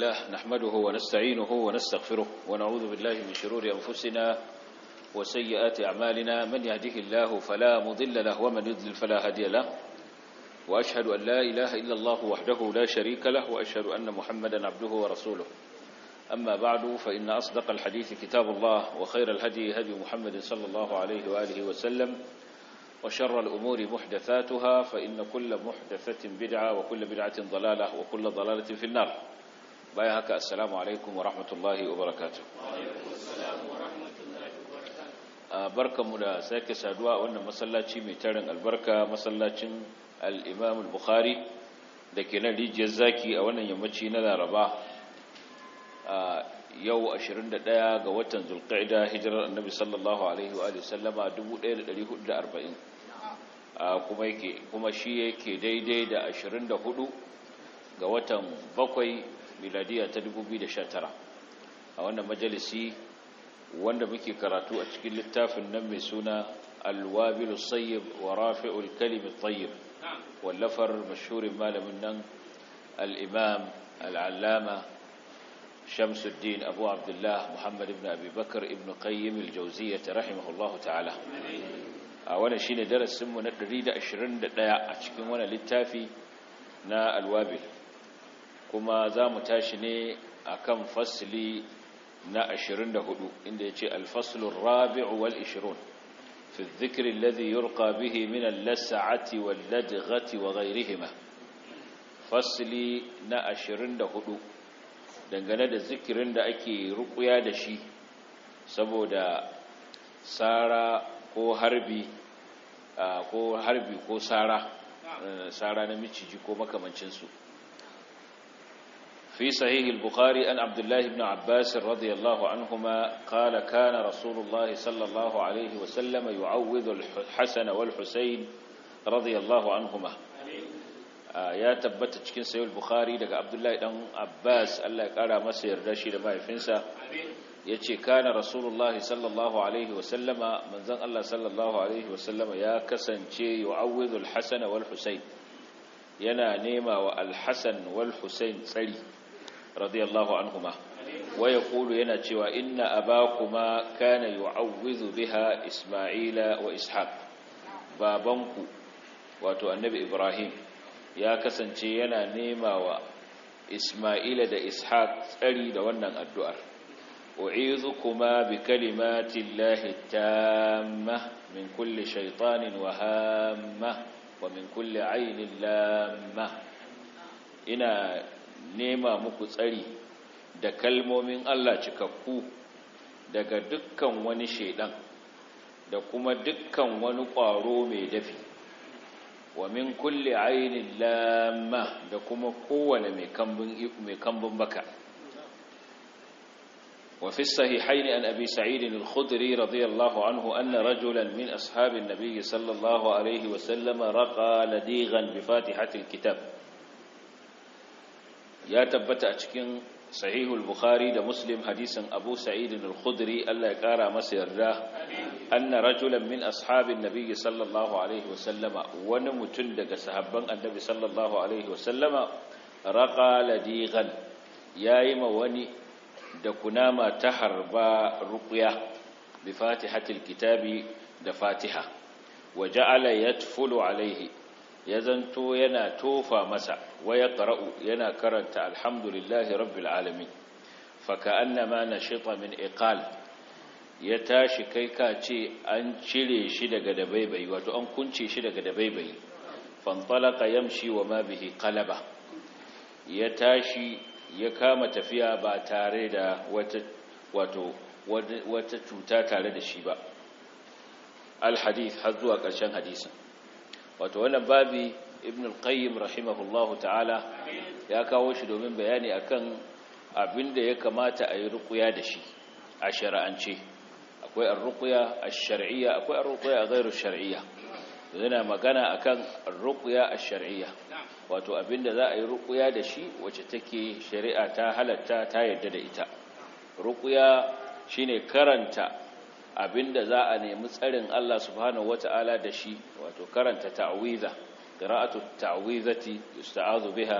الله نحمده ونستعينه ونستغفره ونعوذ بالله من شرور أنفسنا وسيئات أعمالنا من يهده الله فلا مضل له ومن يضلل فلا هادي له وأشهد أن لا إله إلا الله وحده لا شريك له وأشهد أن محمدا عبده ورسوله أما بعد فإن أصدق الحديث كتاب الله وخير الهدي هدي محمد صلى الله عليه وآله وسلم وشر الأمور محدثاتها فإن كل محدثة بدعة وكل بدعة ضلالة وكل ضلالة في النار bayan haka assalamu alaikum wa rahmatullahi wa barakatuh barkanmu da sake saduwa a wannan masallaci mai tarin albarka masallacin al-imam al-bukhari da ke nan rijiyar zaki a wannan yammaci na laraba yau 21 ga watan zulqa'ida hijirar annabi sallallahu alaihi wa sallama 1440 kuma yake kuma shi yake daidai da 24 ga watan bakwai miladiya ta 2019 a wannan majalisi wanda muke karatu a cikin littafin nan mai suna alwabilu sayyib wa rafi'ul kalim at tayyib wallafar mashhurin malamin nan al-imam al-allama shamsuddin abu abdullah muhammad ibn abi bakr ibn qayyim al-jawziyyah rahimahullah ta'ala a wannan shine darasin mu na 121 a cikin wannan littafi na alwabil kuma za mu tashi ne a kan fasili na 24 inda ya ce alfasulun rabi'u wal ishirun fi zikirin lazi yurka bihi minan lasa'ati wal ladigati wa gairihima fasili na 24 dangane da zikirin da ake rukuya da shi saboda tsara ko harbi ko harbi ko tsara tsara eh, na miciji ko makamancinsu في صحيح البخاري أن عبد الله بن عباس رضي الله عنهما قال كان رسول الله صلى الله عليه وسلم يعوذ الحسن والحسين رضي الله عنهما ya tabbata cikin sayul bukhari daga abdullahi dan abbas allah ya kara masa yarda shida da mahaifinsa ya ce kana rasulullah sallallahu alaihi wasallama manzan allah sallallahu alaihi wasallama ya kasance yu'awwidul hasana wal husayn yana nema wa al hasan tsari radiyallahu anhuma waya kulu yana cewa inna abakuma kana yu'awwizu biha isma'ila wa ishaq babanku wato annabi ibrahim ya kasance yana nema wa isma'ila da ishaq tsari da wannan addu'ar u'izukuma bi kalimatillahi tamma min kulli shaytanin wa hamma wa min kulli aynin lamma ina nema muku tsari da kalmomin Allah cikakku daga dukkan wani shaidan da kuma dukkan wani ƙwaro mai dafi wa min kulli ainin lamma da kuma kowane mai kambun baka وفي الصحيحين أن أبي سعيد الخدري رضي الله عنه أن رجلا من أصحاب النبي صلى الله عليه وسلم رقى لديغا بفاتحة الكتاب ya tabbata a cikin sahihul bukhari da muslim hadisin abu sa'idin al-khudri Allah ya kara masa yarda anna rajulan min ashabin nabiyyi sallallahu alaihi wasallama wani mutum daga sahabban annabi sallallahu alaihi wasallama raqa ladigan yayi ma wani da kunama ta harba ruqya bi fatihatil kitabi da fatiha wa ja'ala yatfulu alaihi ya zanto yana tofa masa waya ƙara'u yana karanta alhamdulillahi rabbil alamin faka annama na shita min iqal ya tashi kai ka ce an cire shi daga dabaibayi wato an kunce shi daga dabaibayi fanfalaka yamshi wa ma bihi qalaba ya tashi ya kama tafiya ba tare da wata cuta tare da shi ba al hadith har zuwa ƙarshen hadisin wato wannan babi ibn al-qayyim rahimahullahu ta'ala ya kawo shi domin bayani akan abinda ya kamata a yi ruqya da shi a shar'ance akwai ar-ruqya ash-shar'iyya akwai ar-ruqya shar'iyya yana magana akan ar-ruqya ash-shar'iyya wato abinda za a yi ruqya da shi wacce take shari'a ta halatta ta yarda da ita ruqya shine karanta abinda za a nemi tsarin Allah subhanahu wata'ala da shi wato karanta ta'awiza qira'atu ta'awizati yusta'azu biha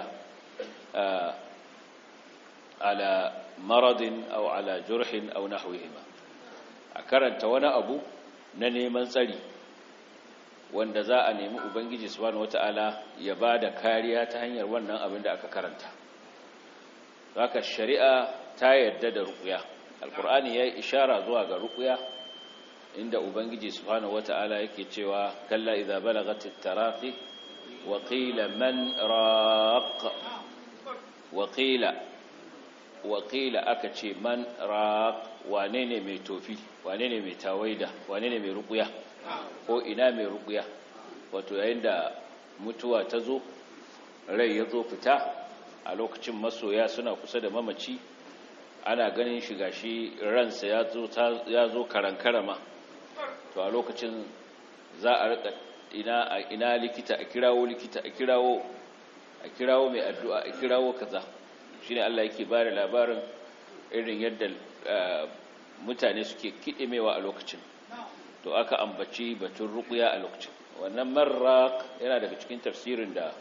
ala maradin aw ala jurhin aw nahwihima a karanta wani abu na neman tsari wanda za a nemi ubangiji subhanahu wata'ala ya bada kariya ta hanyar wannan abin da aka karanta haka shari'a ta yarda da ruqya alqur'ani ya ishara zuwa ga ruqya inda ubangiji subhanahu wata'ala yake cewa kalla idza balagatit taraqi wa qila man raq wa qila wa qila aka ce man raq wane ne mai tofi wane ne mai tawaida wane ne mai ko ina mai rukuya wato yayin da mutuwa ta zo rai ya zo fita a lokacin masoya suna kusa da mamaci ana ganin shi gashi ransa ya zo karankarama to a lokacin za a rika ina ina likita a kirawo likita a kirawo a kirawo mai addu'a a kirawo kaza shine Allah yake ba da labarin irin yadda eh, mutane suke kidimewa a lokacin to aka ambaci batun ruqya a lokacin wannan marraq yana daga cikin tafsirin da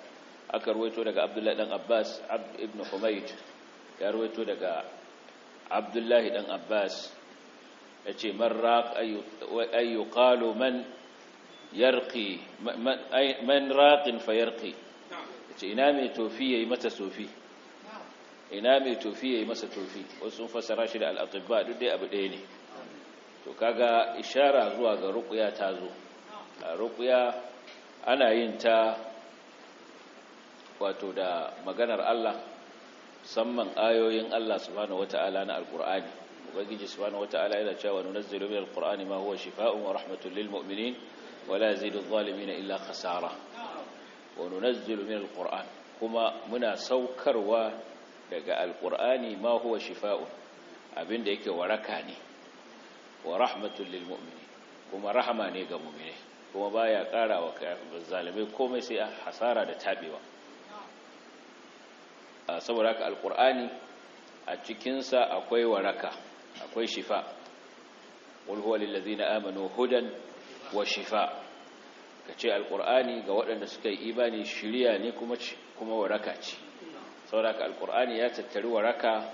aka ruwaito daga Abdullahi dan Abbas ibn Humayd ya ruwaito daga Abdullahi ɗan Abbas ya ce man ayyukalu man yarki man raƙin ya ce ina mai tofi ya yi mata tofi ina mai tofi ya yi masa tofi wasu sun fasara shi da al'aƙibba duk dai abu ɗaya ne to kaga ishara zuwa ga rukuya ta zo a rukuya ana yin ta wato da maganar Allah musamman ayoyin Allah subhanahu wata'ala na alkur'ani ubangiji subhanahu wataala yana cewa nunazzilu minal ma huwa shifaa'un wa rahmatun lil mu'minin wa la yazidu adh illa khasara wa nunazzilu kuma muna saukarwa daga alqur'ani ma huwa shifaa'un abinda yake waraka ne wa rahmatun lil mu'minin kuma rahama ne ga mu'mini kuma baya ƙara wa zalimai komai sai hasara da tabewa saboda haka alqur'ani a sa akwai waraka akwai shifa qul huwa lil amanu hudan wa shifa kace alqur'ani ga waɗanda suka yi imani shiriya ne kuma kuma waraka ce saboda alqur'ani ya tattari waraka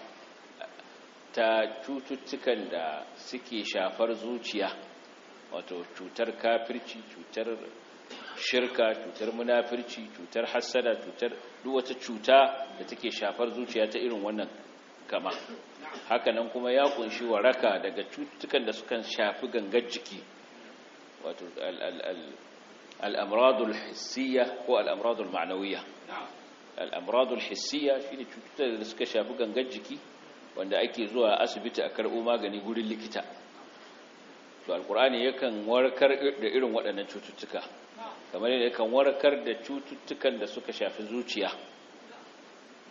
ta cututtukan da suke shafar zuciya wato cutar kafirci cutar shirka cutar munafirci cutar hassada cutar duk wata cuta da take shafar zuciya ta irin wannan kama hakanan kuma ya kunshi waraka daga cututtukan da suka shafi gangar jiki wato al'amradul hissiya ko Al'amuradul ma'anawiya Al'amuradul hissiya shi ne cututtukan da suka shafi gangar jiki wanda ake zuwa asibiti a karɓo magani gurin likita to alkur'ani yakan warkar da irin waɗannan cututtuka kamar yadda yakan warkar da cututtukan da suka shafi zuciya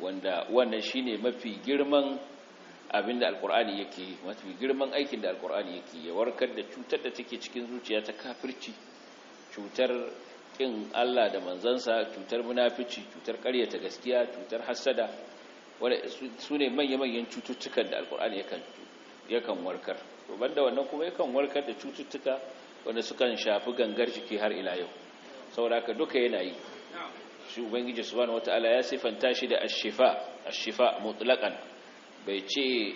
wanda wannan shine mafi girman Abin da alkur'ani yake yi mafi girman aikin da alkur'ani yake ya warkar da cutar da take cikin zuciya ta kafirci cutar kin Allah da manzansa cutar munafici cutar ƙaryata gaskiya cutar hassada, wanda su ne manya-manyan cututtukan da alkur'ani yakan warkar to da wannan kuma yakan warkar da cututtuka wanda kan shafi gangar jiki har ila yau saboda haka duka yana yi shi ubangiji subhanahu wataala ya sifanta shi da ashifa ashifa mutlaqan bai ce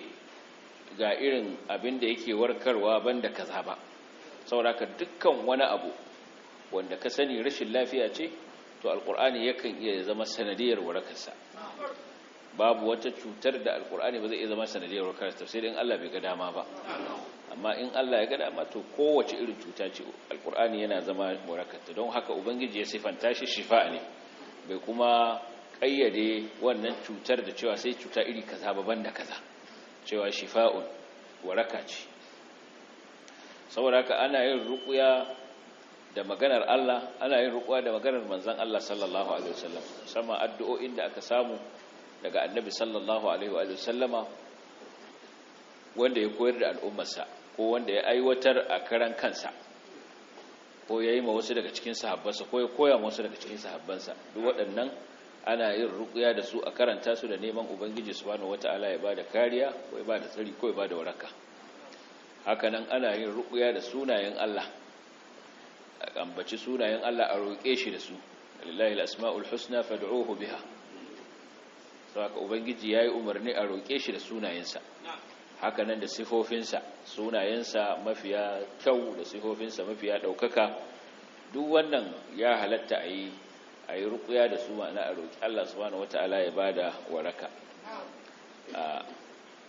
ga irin abin da yake warkarwa banda kaza ba sauraka dukkan wani abu wanda ka sani rashin lafiya ce to alkur'ani yakan iya zama sanadiyar warkarsa. babu wata cutar da alkur'ani ba zai iya zama sanadiyar warkarsa, sai dai in Allah bai ga dama ba amma in Allah ya ga dama to kowace irin cuta ce alkur'ani yana zama warkarta don haka ubangiji ya sifanta shi shifa ne bai kuma Kayyade wannan cutar da cewa sai cuta iri kaza baban da kaza cewa shifa'un waraka ce saboda haka ana yin rukuya da maganar Allah ana yin rukuya da maganar manzon Allah sallallahu alaihi wasallam sama addu'o'in da aka samu daga annabi sallallahu alaihi wasallama wanda ya koyar da al'ummarsa ko wanda ya aiwatar a karan kansa ko ya yi ma wasu daga cikin sahabbansa ko ya koya ma wasu daga cikin sahabbansa duk waɗannan ana yin rukuya da su a karanta su da neman ubangiji subhanahu wataala ya bada kariya ko ya bada tsari ko ya bada waraka hakanan ana yin rukuya da sunayen Allah a ambaci sunayen Allah a roƙe shi da su lillahi al-asma'ul husna fad'uhu biha saboda ubangiji yayi umarni a roƙe shi da sunayensa hakanan da sifofinsa sunayensa mafiya kyau da sifofinsa mafiya daukaka duk wannan ya halatta a yi a yi rukuya da su ma'ana a roƙi Allah subhanahu wata'ala ya bada waraka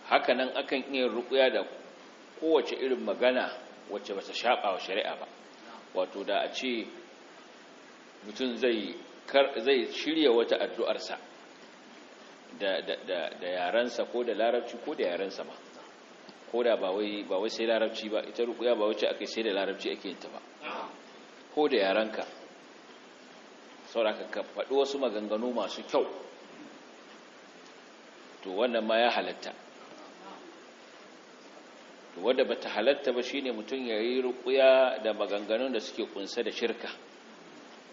haka nan akan iya rukuya da kowace irin magana wacce ba ta shaɓa wa shari'a ba wato da a ce mutum zai shirya wata addu'arsa da yarensa ko da larabci ko da yarensa ba ko da ba wai sai larabci ba ita rukuya ba wacce aka sai da larabci ake yinta ba ko da yarenka sauraka ka faɗi wasu maganganu masu kyau to wannan ma ya halatta to ba bata halatta ba shine mutum ya yi rukuya da maganganun da suke kunsa da shirka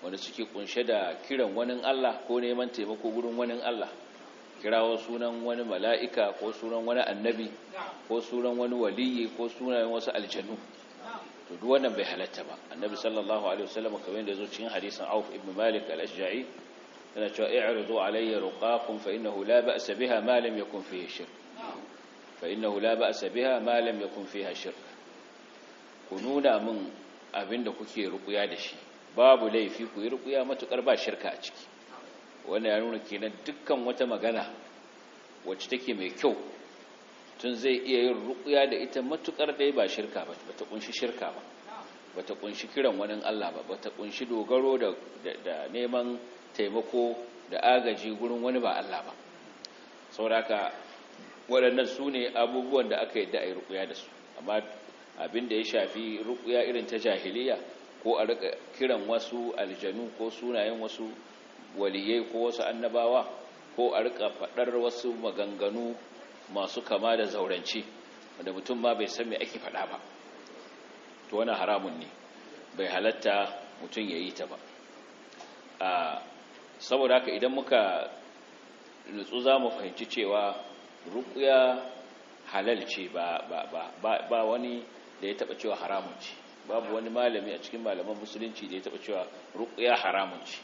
wanda suke kunshe da kiran wani Allah ko neman taimako gurin wani Allah kirawo sunan wani mala'ika ko sunan wani annabi ko sunan wani waliyi ko sunan wasu aljanu to duk wannan bai halatta ba annabi sallallahu alaihi wasallam kamar yadda zo cikin hadisin Auf ibn Malik al-Ashja'i yana cewa i'ridu alayya ruqaqum fa innahu la ba'sa biha ma lam yakun fihi shirk fa innahu la ba'sa biha ma lam yakun fiha shirk ku nuna min abinda kuke rukuya da shi babu laifi ku yi rukuya matukar ba shirka a ciki wannan ya nuna kenan dukkan wata magana wacce take mai kyau Tun zai iya yin rukuya da ita matukar dai ba shirka ba ba ta kunshi shirka ba ba ta kunshi kiran wani Allah ba ba ta kunshi dogaro da neman taimako da agaji gurin wani ba Allah ba sauraka waɗannan su ne abubuwan da aka yadda a yi rukuya da su amma abin da ya shafi rukuya irin ta jahiliya ko a rika kiran wasu aljanu ko sunayen wasu waliyai ko wasu annabawa ko a rika faɗar wasu maganganu masu kama da zaurance wanda mutum ma bai san me ake faɗa ba to wani haramun ne bai halatta mutum ya yi ta ba a saboda haka idan muka nutsu za mu fahimci cewa rukuya halal ce ba wani da ya taɓa cewa haramun ce babu wani malami a cikin malaman musulunci da ya taba cewa rukuya haramun ce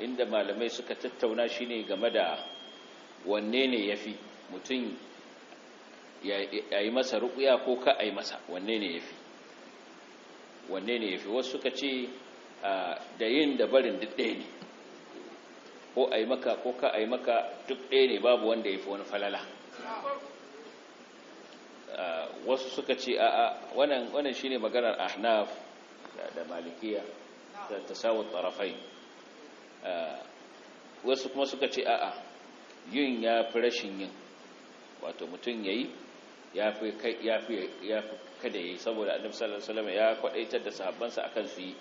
inda malamai suka tattauna shine game da wanne ne ya fi mutum ya yi masa rukuya ko ka a yi masa wanne ne ya fi wanne ne ya fi wasu suka ce da yin da barin duk ɗaya ne ko a yi maka ko ka a yi maka duk ɗaya ne babu wanda ya fi wani falala wasu suka ce a wannan shi ne maganar ahnaf da malikiya da tasawun tarafai wasu kuma suka ce a'a yin ya fi rashin yin wato mutum ya yi ya fi kada ya yi saboda annabi sallallahu alaihi ya kwadaitar da sahabbansa akan su yi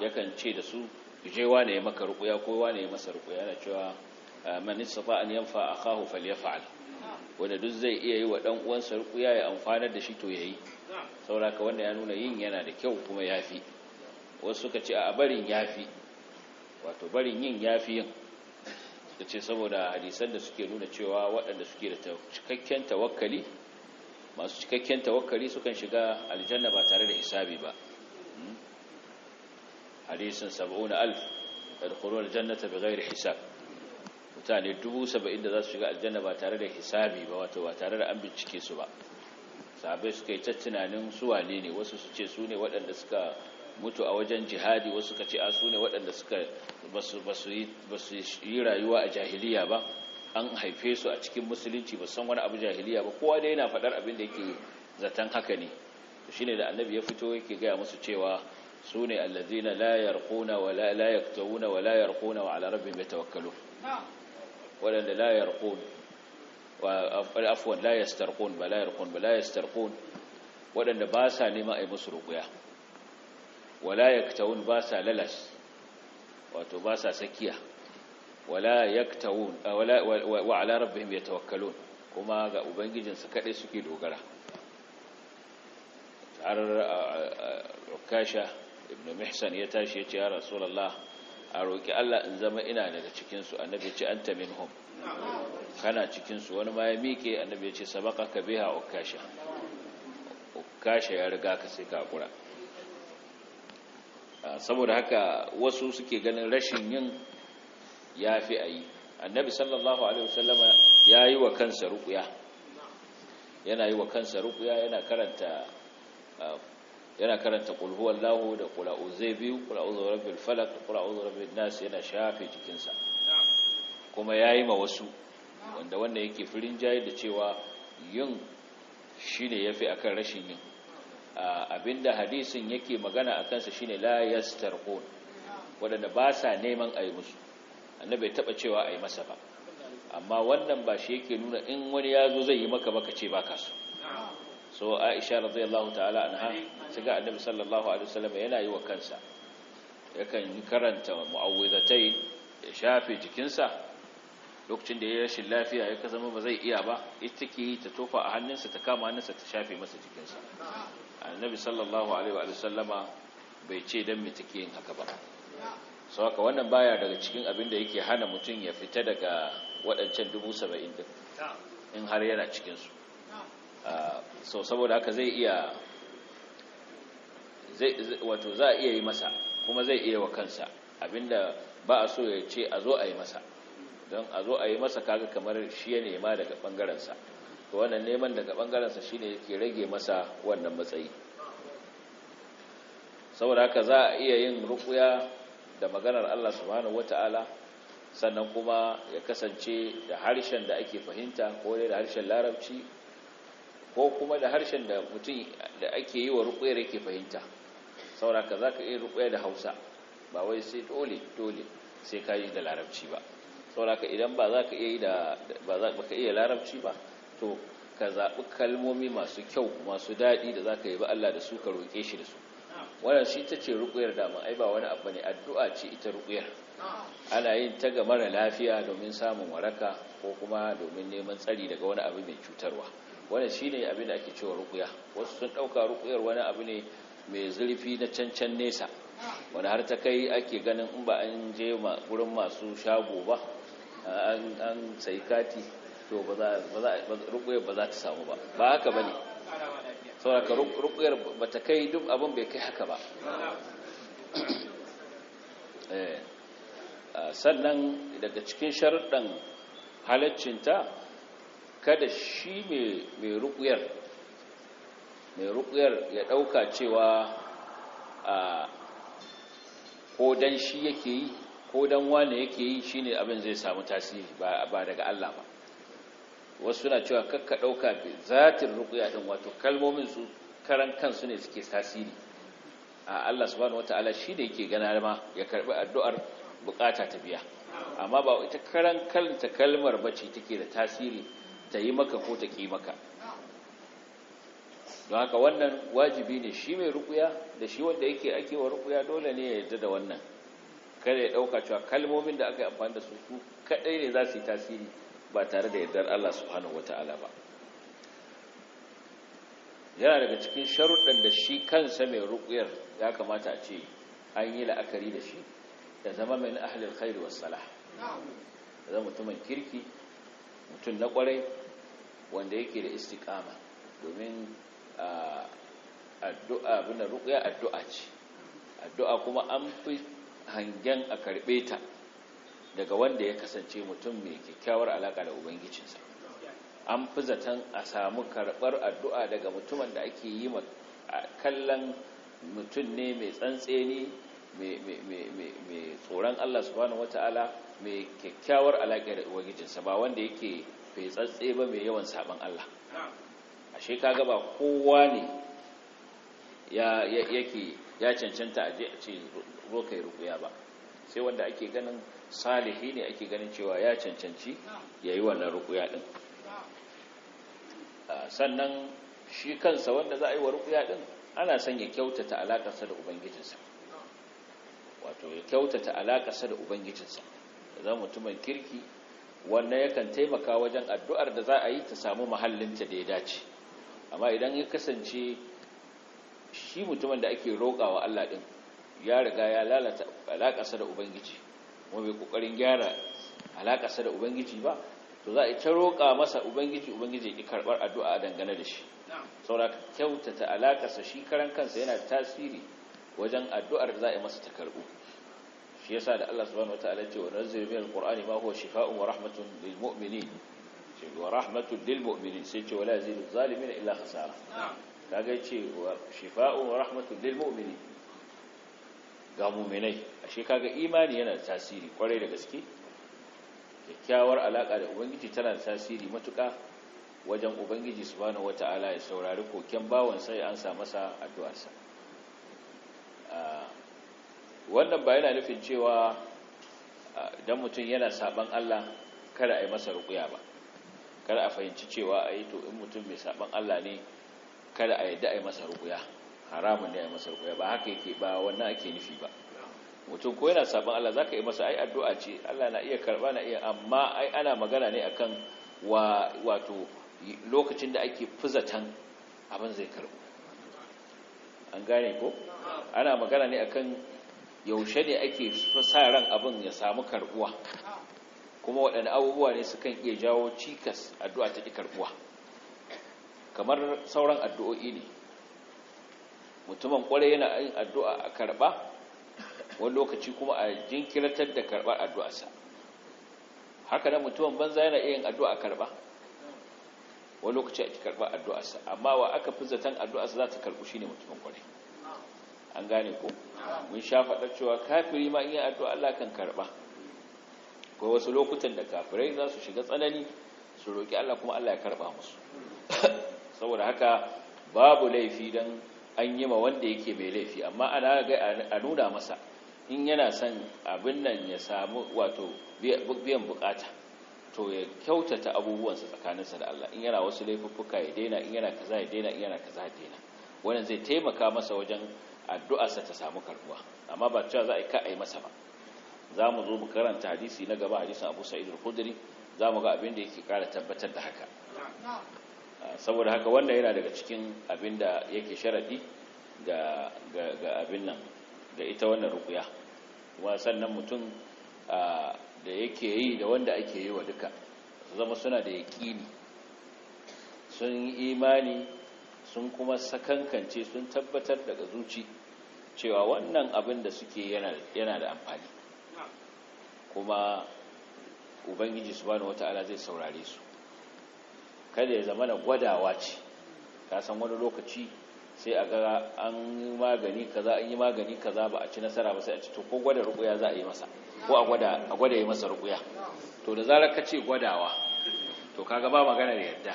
yakan ce da su je ne ya maka ruqya ko wane ya masa rukuya na cewa man istafa an yanfa akahu falyaf'al wanda duk zai iya yi wa dan uwansa rukuya ya amfana da shi to yayi saboda ka wanda ya nuna yin yana da kyau kuma yafi wasu suka ce a barin yafi wato barin yin yafi yin ta ce saboda hadisan da suke nuna cewa waɗanda suke da cikakken tawakkali masu cikakken tawakkali sukan shiga aljanna ba tare da hisabi ba hmm? hadisin 70000 tadkhulul jannata bighairi hisab mutane dubu saba'in da za su shiga aljanna ba tare da hisabi ba wato ba tare da an bincike su ba sahabbai suka yi ta tunanin su wane ne wasu su ce su ne waɗanda suka mutu a wajen jihadi wasu suka ce a su ne waɗanda suka ba su yi rayuwa a jahiliya ba an haife su a cikin musulunci ba san wani abu jahiliya ba kowa dai yana faɗar abin da yake zaton haka ne shi ne da annabi ya fito yake gaya musu cewa su ne allazina layar kuna wa layar la wa layar kuna wa alarabi mai tawakkalo waɗanda layar kuna wa afwan la ba la ba la waɗanda ba sa a yi musu ruqya wala yaktawun ba sa lalas wato ba sa sakiya wala yaktawun wa ala rabbihim yatawakkalun kuma ga ubangijinsu kaɗai suke dogara har rukasha ibn mihsan ya tashi ya ce ya rasulallah a roƙi Allah in zama ina daga cikinsu annabi ce an minhum kana cikinsu wani ma ya miƙe annabi ce sabaka ka biha ukasha ukasha ya riga ka sai ka haƙura Ah, saboda haka wasu suke ganin rashin yin ya fi a yi annabi sallallahu alaihi wasallama ya yi wa kansa rukuya yana yi wa kansa rukuya yana karanta ah, yana karanta da kula'uzai biyu kula'uzu rabbil falak da kula'uzu rabbil nas yana shafe jikinsa kuma ya yi ma wasu wanda wannan yake firin jayi da cewa yin shi ne ya fi akan rashin yin abinda hadisin yake magana a kansa shine layas yastarqun wadanda ba sa neman ayi musu ya taɓa cewa ayi masa ba amma wannan ba shi yake nuna in wani ya zo zai yi maka baka ce ba ka so so Aisha radiyallahu ta'ala anha shiga annabi sallallahu alaihi wasallam yana yi wa kansa yakan karanta mu'awwidhatayn ya shafe jikinsa lokacin da ya yi rashin lafiya ya kasama ba zai iya ba ita ke ta tofa a hannunsa ta kama hannunsa ta shafe masa jikinsa annabi sallallahu alaihi wa sallama bai ce dan mu take yin haka ba sau haka wannan baya daga cikin abin da yake hana mutum ya fita daga waɗancan dubu saba'in din in har yana cikinsu ah, sau saboda haka zai iya wato za a iya yi masa kuma zai iya wa kansa abinda ba a so ya ce a zo a yi masa don a zo a yi masa kaga kamar shi ya nema daga ɓangarensa to wannan neman daga bangarensa shine yake rage masa wannan matsayi saboda haka za a iya yin rukuya da maganar Allah subhanahu wataala sannan kuma ya kasance da harshen da ake fahimta ko dai da harshen larabci ko kuma da harshen da mutum da ake yi wa rukuyar yake fahimta saboda haka za ka iya rukuya da hausa ba wai sai dole dole sai ka yi da larabci ba saboda haka idan ba za ka iya larabci ba to ka zaɓi kalmomi masu kyau masu daɗi da za ka yi ba Allah da su ka roƙe shi da su wannan shi ta ce ruƙuyar dama ai ba wani abu ne addu'a ce ita ruƙuyar ana yin ta ga mara lafiya domin samun waraka ko kuma domin neman tsari daga wani abu mai cutarwa wannan shi ne abin da ake cewa ruƙuya wasu sun ɗauka ruƙuyar wani abu ne mai zurfi na cancan nesa wani har ta kai ake ganin in ba an je wurin masu shago ba an sai kati to ba ta samu ba ba haka ba ne sauraka rukuyar ba ta kai duk abin bai kai haka ba eh, sannan daga cikin sharuɗan halaccinta kada shi mai rukuyar mai rukuyar ya ɗauka cewa a ko shi yake yi ko dan wane yake yi shine abin zai samu tasiri ba daga Allah ba wasu suna cewa kakka ɗauka zatin rukuya ɗin wato kalmomin su karan kansu ne suke tasiri a Allah subhanahu wataala shi da yake gana ma ya karɓi addu'ar bukata ta biya amma ba ita karan kanta kalmar bace take da tasiri ta yi maka ko ta ƙi maka don haka wannan wajibi ne shi mai rukuya da shi wanda yake ake wa rukuya dole ne ya yarda da wannan kada ya ɗauka, cewa kalmomin da aka yi amfani da su su kadai ne za su yi tasiri ba tare da yardar Allah subhanahu wataala ba yana daga cikin sharuɗan da shi kansa mai ruƙuyar ya kamata a ce an yi la'akari da shi da zama mai ahlil khairu was sala da mutumin kirki mutum na kwarai wanda yake da istikama domin addu'a bin ruƙuya addu'a ce addu'a kuma an fi hangen a karɓe ta daga wanda ya kasance mutum mai kyakkyawar alaka da ubangijinsa an fi zaton a samu karɓar addu'a daga mutumin da ake yi kallon mutum ne mai tsantseni mai tsoron Allah subhanahu wata'ala mai kyakkyawar alaƙa da ubangijinsa ba wanda yake fai tsantse ba mai yawan sabon Allah ashe kaga ba kowa ne ya cancanta a cancanta a ce zo kai rukuya ba sai wanda ake ganin salihi ne ake ganin cewa ya cancanci ya yi wannan rukuya ɗin ah, sannan shi kansa wanda za a yi wa rukuya ɗin ana son ya kyautata alaƙarsa da ubangijinsa wato ya kyautata alaƙarsa da ubangijinsa za mutumin kirki wannan yakan taimaka wajen addu'ar da za a yi ta samu mahallinta da ya dace amma idan ya kasance shi mutumin da ake roƙawa Allah ɗin ya riga ya lalata alaƙarsa da ubangiji kuma bai ƙoƙarin gyara alaƙarsa da ubangiji ba to za a ta roƙa masa ubangiji ubangiji ya karɓar addu'a dangane da shi saura kyautata alaƙarsa shi karan kansa yana tasiri wajen addu'ar da za a masa ta karɓu shi yasa da Allah subhanahu wataala ce wa nazzil min alqur'ani ma huwa shifaa'un wa rahmatun lil mu'minin ce wa rahmatun lil mu'minin sai ce wala yazidu zalimin illa khasara kaga ce wa shifaa'un wa rahmatun lil mu'minin ga muminai ashe kaga imani yana da tasiri kwarai da gaske kyakkyawar alaka da ubangiji tana tasiri matuƙa wajen ubangiji su wata wata'ala ya saurari koken bawon sai an sa masa addu'arsa ah, wannan ba yana nufin cewa ah, dan mutum yana saban Allah kada a yi masa rukuya ba kada a fahimci cewa a yi to in mutum mai saɓan Allah ne kada a yadda a yi masa rukuya haramun ne a masa rukuya ba haka yake ba wannan ake nufi ba mutum ko yana sabon Allah zaka yi masa ai addu'a ce Allah na iya karba na iya amma ai ana magana ne akan wa wato lokacin da ake fuzatan abin zai karbu an gane ko ana magana ne akan yaushe ne ake sa ran abin ya samu karbuwa kuma waɗanne abubuwa ne su kan iya jawo cikas addu'a ta ƙi karbuwa kamar sauran addu'o'i ne mutumin kwarai yana yin addu'a a karɓa wani lokaci kuma a jinkirtar da karɓar addu'arsa haka nan mutumin banza yana yin addu'a a karɓa wani lokaci a karɓar addu'arsa amma wa aka fi zaton addu'arsa za ta karbu shi ne mutumin kwarai an gane ko mun sha faɗar cewa kafiri ma yin addu'a Allah kan karɓa ko wasu lokutan da kafirai za su shiga tsanani su roƙi Allah kuma Allah ya karɓa musu saboda haka babu laifi don an yi ma wanda yake mai laifi amma ana ga a nuna masa in yana son abin nan ya samu wato biyan bukata to ya kyautata abubuwansa tsakaninsa da Allah in yana wasu laifuffuka ya daina in yana kaza ya daina in yana kaza ya daina wannan zai taimaka masa wajen addu'arsa ta samu karbuwa amma ba cewa za a ka ai masa ba za mu zo mu karanta hadisi na gaba hadisin Abu Sa'id al-Khudri za mu ga abin da yake kara tabbatar da haka saboda haka wannan yana daga cikin abin da yake sharadi ga abin nan da ita wannan rukuya kuma sannan mutum da yake yi da wanda ake yi wa duka zama suna da yaƙini sun imani sun kuma sakankance sun tabbatar daga zuci cewa wannan abin da suke yana da amfani kuma ubangiji subhanahu wata'ala zai saurare su kada ya zama na gwadawa ce ka san wani lokaci sai a ga an yi magani kaza an yi magani kaza ba a ci nasara ba sai a ci to ko gwada rukuya za a yi masa ko a gwada ya yi masa rukuya to da zarar ka ce gwadawa to kaga ba magana da yadda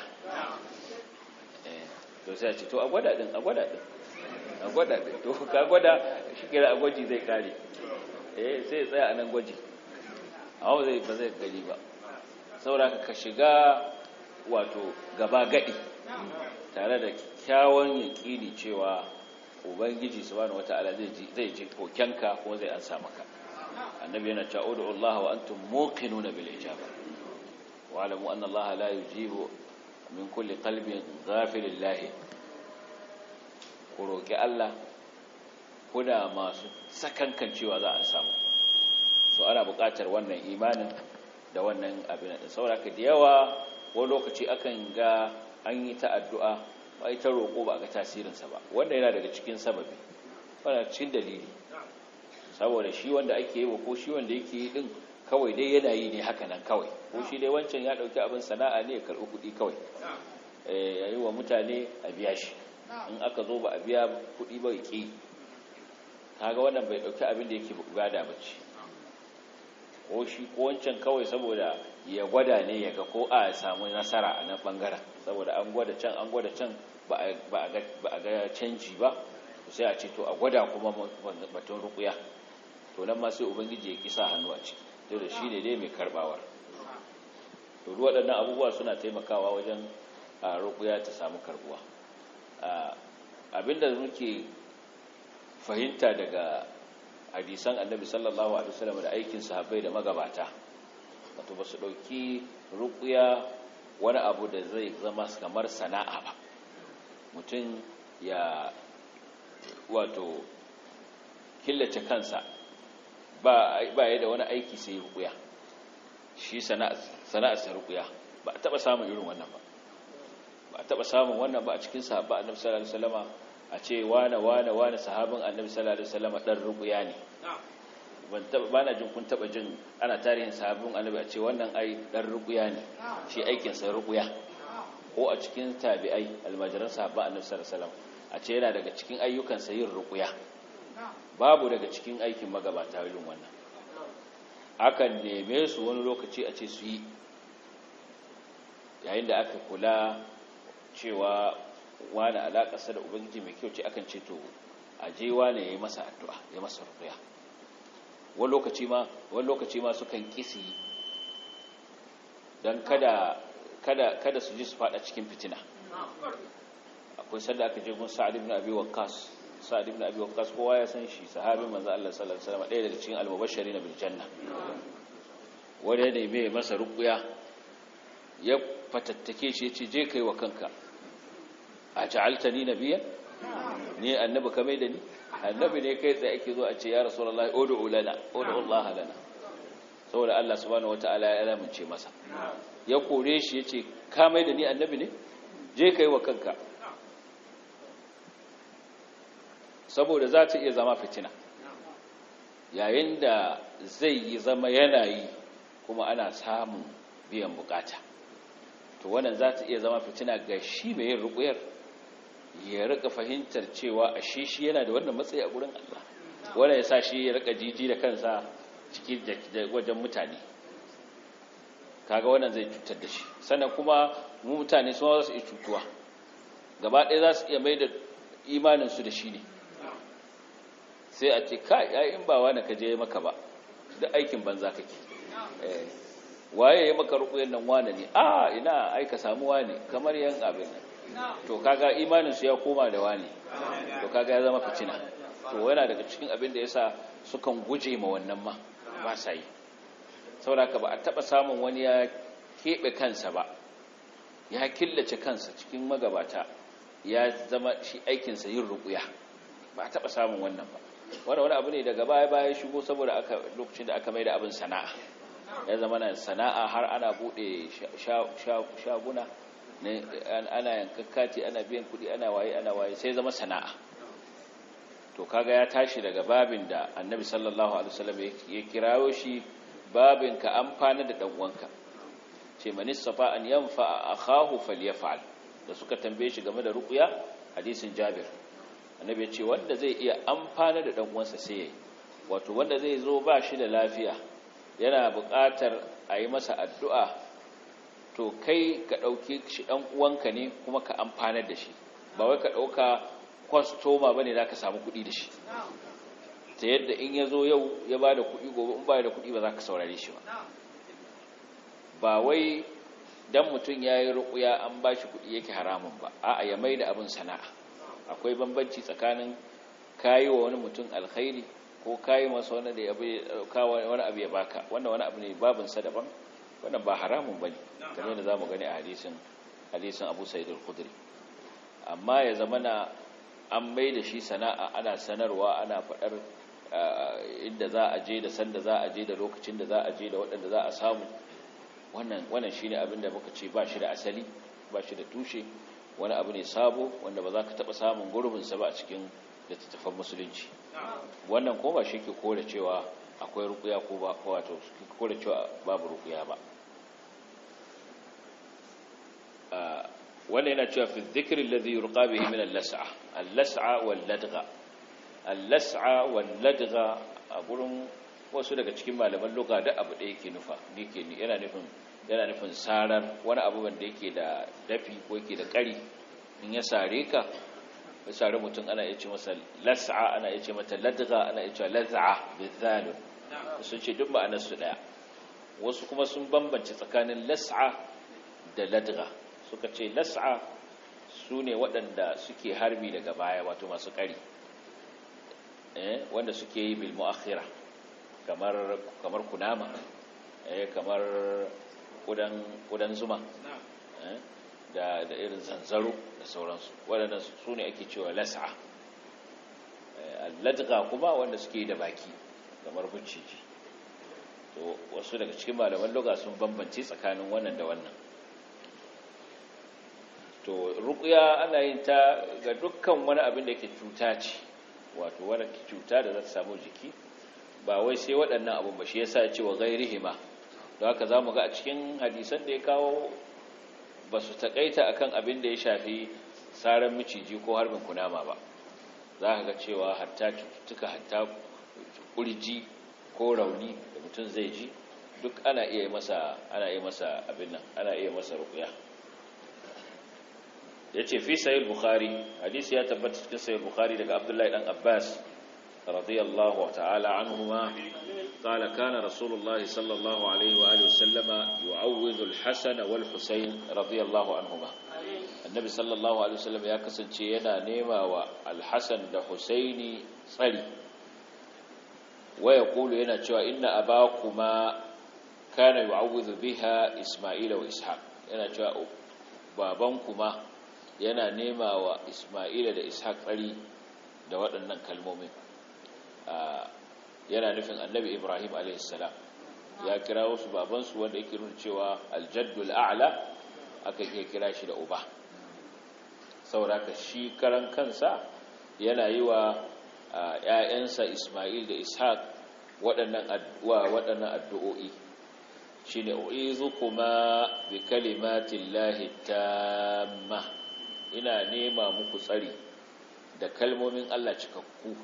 eh, to sai a ci to a gwada din a gwada din a gwada din to ka gwada shi kira a gwaji zai kare eh sai tsaya a nan gwaji a ba zai ba zai gari ba saboda ka shiga wato gaba gadi tare da kyawun yaƙini cewa ubangiji subhanahu wataala zai ji kokenka ko zai ansa maka annabi yana cewa ud'u Allah wa antum muqinuna bil ijaba wa alamu anna Allah la yujibu min kulli qalbin ghafilin lahi ku roƙi Allah kuna masu sakankan cewa za a samu so ana buƙatar wannan imanin da wannan abin da sauraka da yawa wani lokaci akan ga an yi ta addu'a ba yi ta roƙo ba ga tasirinsa ba wanda yana daga cikin sababi wanda cikin dalili saboda shi wanda ake yi wa ko shi wanda yake yi din kawai dai yana yi ne haka nan kawai ko shi dai wancan ya ɗauki abin sana'a ne ya karɓi kuɗi kawai ya eh, yi wa mutane a biya shi in aka zo ba a biya kuɗi ba ya ƙi kaga wannan bai ɗauki abin da yake bukada ba ce ko shi ko wancan kawai saboda ya gwada ne ya ga ko a samu nasara a nan bangaren saboda an gwada can an gwada can ba a ga canji ba sai a ce to a gwada kuma batun rukuya to nan ma ubangiji ya kisa hannu a ciki da shi ne dai mai karbawar to ruwa waɗannan abubuwa suna taimakawa wajen rukuya ta samu karbuwa abinda muke fahimta daga hadisan annabi sallallahu alaihi wasallam da aikin sahabbai da magabata wato ba su ɗauki rukuya wani abu da zai zama kamar sana'a ba mutum ya wato killace kansa ba ya da wani aiki sai rukuya shi sana'a sai rukuya ba a taɓa samun irin wannan ba ba a taɓa samun wannan ba a cikin sahaba annabi sallallahu alaihi wasallama a ce wane wane wane sahabin annabi sallallahu alaihi wasallama dan rukuya ne ba na jin kun taba jin ana tarihin sahabin annabi a ce wannan ai dan rukuya ne shi aikin sa rukuya ko a cikin tabi'ai almajiran sahabban annabi sallallahu alaihi wasallam a ce yana daga cikin ayyukan sa yin rukuya babu daga cikin aikin magabata yin wannan akan neme su wani lokaci a ce su yi yayin da aka kula cewa wani alaƙarsa da ubangiji mai kyau ce akan ce to a je wani ya yi masa addu'a ya masa rukuya wani lokaci ma wani lokaci ma sukan kisi don kada kada kada su ji su fada cikin fitina akwai sanda aka je gun sa'ad ibn abi waqqas sa'ad ibn abi waqqas kowa ya san shi sahabin manzo Allah sallallahu alaihi wasallam ɗaya daga cikin al-mubashirin bil janna wanda ne mai masa ruqya ya fatattake shi ce je kai wa kanka a ja'altani nabiyya ne annabi ka maida ni annabi ne kai tsaye ake zo a ce ya rasulullahi ud'u lana ud'u Allah lana saboda Allah subhanahu wataala ya lamunce masa ya kore shi yace ka maida ni annabi ne je kai wa kanka saboda za ta iya zama fitina yayin da zai yi zama yanayi kuma ana samun biyan bukata to wannan za ta iya zama fitina ga shi mai yin rukuyar ya rika fahimtar cewa ashe shi yana da wannan matsayi a gurin Allah wanda ya sa shi ya rika jiji da kansa cikin wajen mutane kaga wannan zai cutar da shi sannan kuma mu mutane su za su iya cutuwa gaba ɗaya za su iya mai da imaninsu da shi ne sai a ce ka yayin ba wani ka je maka ba da aikin banza kake eh, waye ya maka rukuyen nan wane ne a ah, ina aika samu ne kamar yan abin nan to kaga imanin su ya koma da wani to kaga ya zama fitina to yana daga cikin abin da yasa sukan guje ma wannan ma ba sa yi saboda ba a taba samun wani ya keɓe kansa ba ya killace kansa cikin magabata ya zama shi aikinsa yin rukuya ba a taɓa samun wannan ba wani wani abu ne daga baya baya shigo saboda aka lokacin da aka mai da abin sana'a ya zama na sana'a har ana buɗe shaguna ana yankakkati ana biyan kuɗi ana waye ana waye sai zama sana'a to kaga ya tashi daga babin da annabi sallallahu alaihi wasallam ya kirawo shi babin ka amfana da dan uwanka ce man an yanfa akahu falyaf'al da suka tambaye shi game da ruqya hadisin jabir annabi ya ce wanda zai iya amfana da dan uwansa sai yayi wato wanda zai zo ba shi da lafiya yana buƙatar a yi masa addu'a to kai ka ɗauki shi ɗan uwanka ne kuma ka amfanar da shi ba wai ka ɗauka kwastoma ba ne za ka samu kuɗi da shi ta yadda in ya zo yau ya ba da kuɗi gobe in ba da kuɗi ba za ka saurare shi ba ba wai don mutum ya yi rukuya an ba shi kuɗi yake haramun ba a'a ya mai da abin sana'a akwai bambanci tsakanin kayi wa wani mutum alkhairi ko kayi masa wani abu ya baka wanda wani abu ne babinsa daban wannan ba haramun ba ne kamar yadda zamu gani a hadisin Abu saidul al amma ya zama na an mai da shi sana'a ana sanarwa ana faɗar eh, inda za a je da sanda za a je da lokacin da za a je da waɗanda za a samu wannan wannan shine abin da muka ce ba shi da asali ba shi da tushe wani abu ne sabo wanda ba za ka taɓa samun gurbinsa ba a cikin littattafan musulunci wannan ko ba shi ke kore cewa akwai rukuya ko ba wato kore cewa babu rukuya ba wannan yana cewa fi dhikri alladhi yurqa bihi min al-las'a al-las'a wal ladgha al-las'a wal ladgha a gurin wasu daga cikin malaman lugha da abu da yake nufa yake ni yana nufin yana nufin sarar wani abu wanda yake da dafi ko yake da kari in ya sare ka ya sare mutum ana iya ce masa las'a ana iya ce mata ladga ana iya ce laz'a bizalun sun ce duk ma'anar su daya wasu kuma sun bambance tsakanin las'a da ladga. suka ce las'a su ne waɗanda suke harbi daga baya wato masu ƙari eh, wanda suke yi bilmu akira kamar kunama eh, kamar ƙudan zuma eh, da irin zanzaro da sauransu waɗannan su ne ake cewa las'a ladga kuma wanda suke yi da baki kamar buciji wasu daga cikin malaman loga sun bambance tsakanin wannan da wannan to ruqya ana yin ta ga dukkan wani abin da yake cuta ce wato wani cuta da za samu jiki ba wai sai waɗannan abun ba shi yasa yace ce wa ghairihima don haka za mu ga a cikin hadisan da ya kawo ba su a kan abin da ya shafi saran miciji ko harbin kunama ba za ka ga cewa hatta cututtuka hatta kurji ko rauni da mutum zai ji duk ana iya masa ana abin nan ana iya masa ruqya ya ce fi sayil bukhari hadisi ya tabbata cikin sayil bukhari daga abdullahi dan abbas radiyallahu ta'ala anhuma qala kana rasulullahi sallallahu alaihi wa alihi wasallama yu'awwidhu al-hasan wal husayn radiyallahu anhuma annabi sallallahu alaihi wasallam ya kasance yana nema wa al da husaini tsari wa yaqulu yana cewa inna abakuma kana yu'awwidhu biha isma'ila wa ishaq yana cewa baban kuma yana nema wa isma'ila da ishaq tsari da waɗannan kalmomin yana nufin annabi ibrahim alaihissalam ya kira wasu babansu wanda yake nuna cewa aljaddul a'la aka iya kira shi da uba sauraka shi karan kansa yana yi wa ‘ya'yansa isma'il da ishaq waɗannan addu'o'i shi ne o'izu kuma bi kalimatin ina nema muku tsari da kalmomin Allah cikakku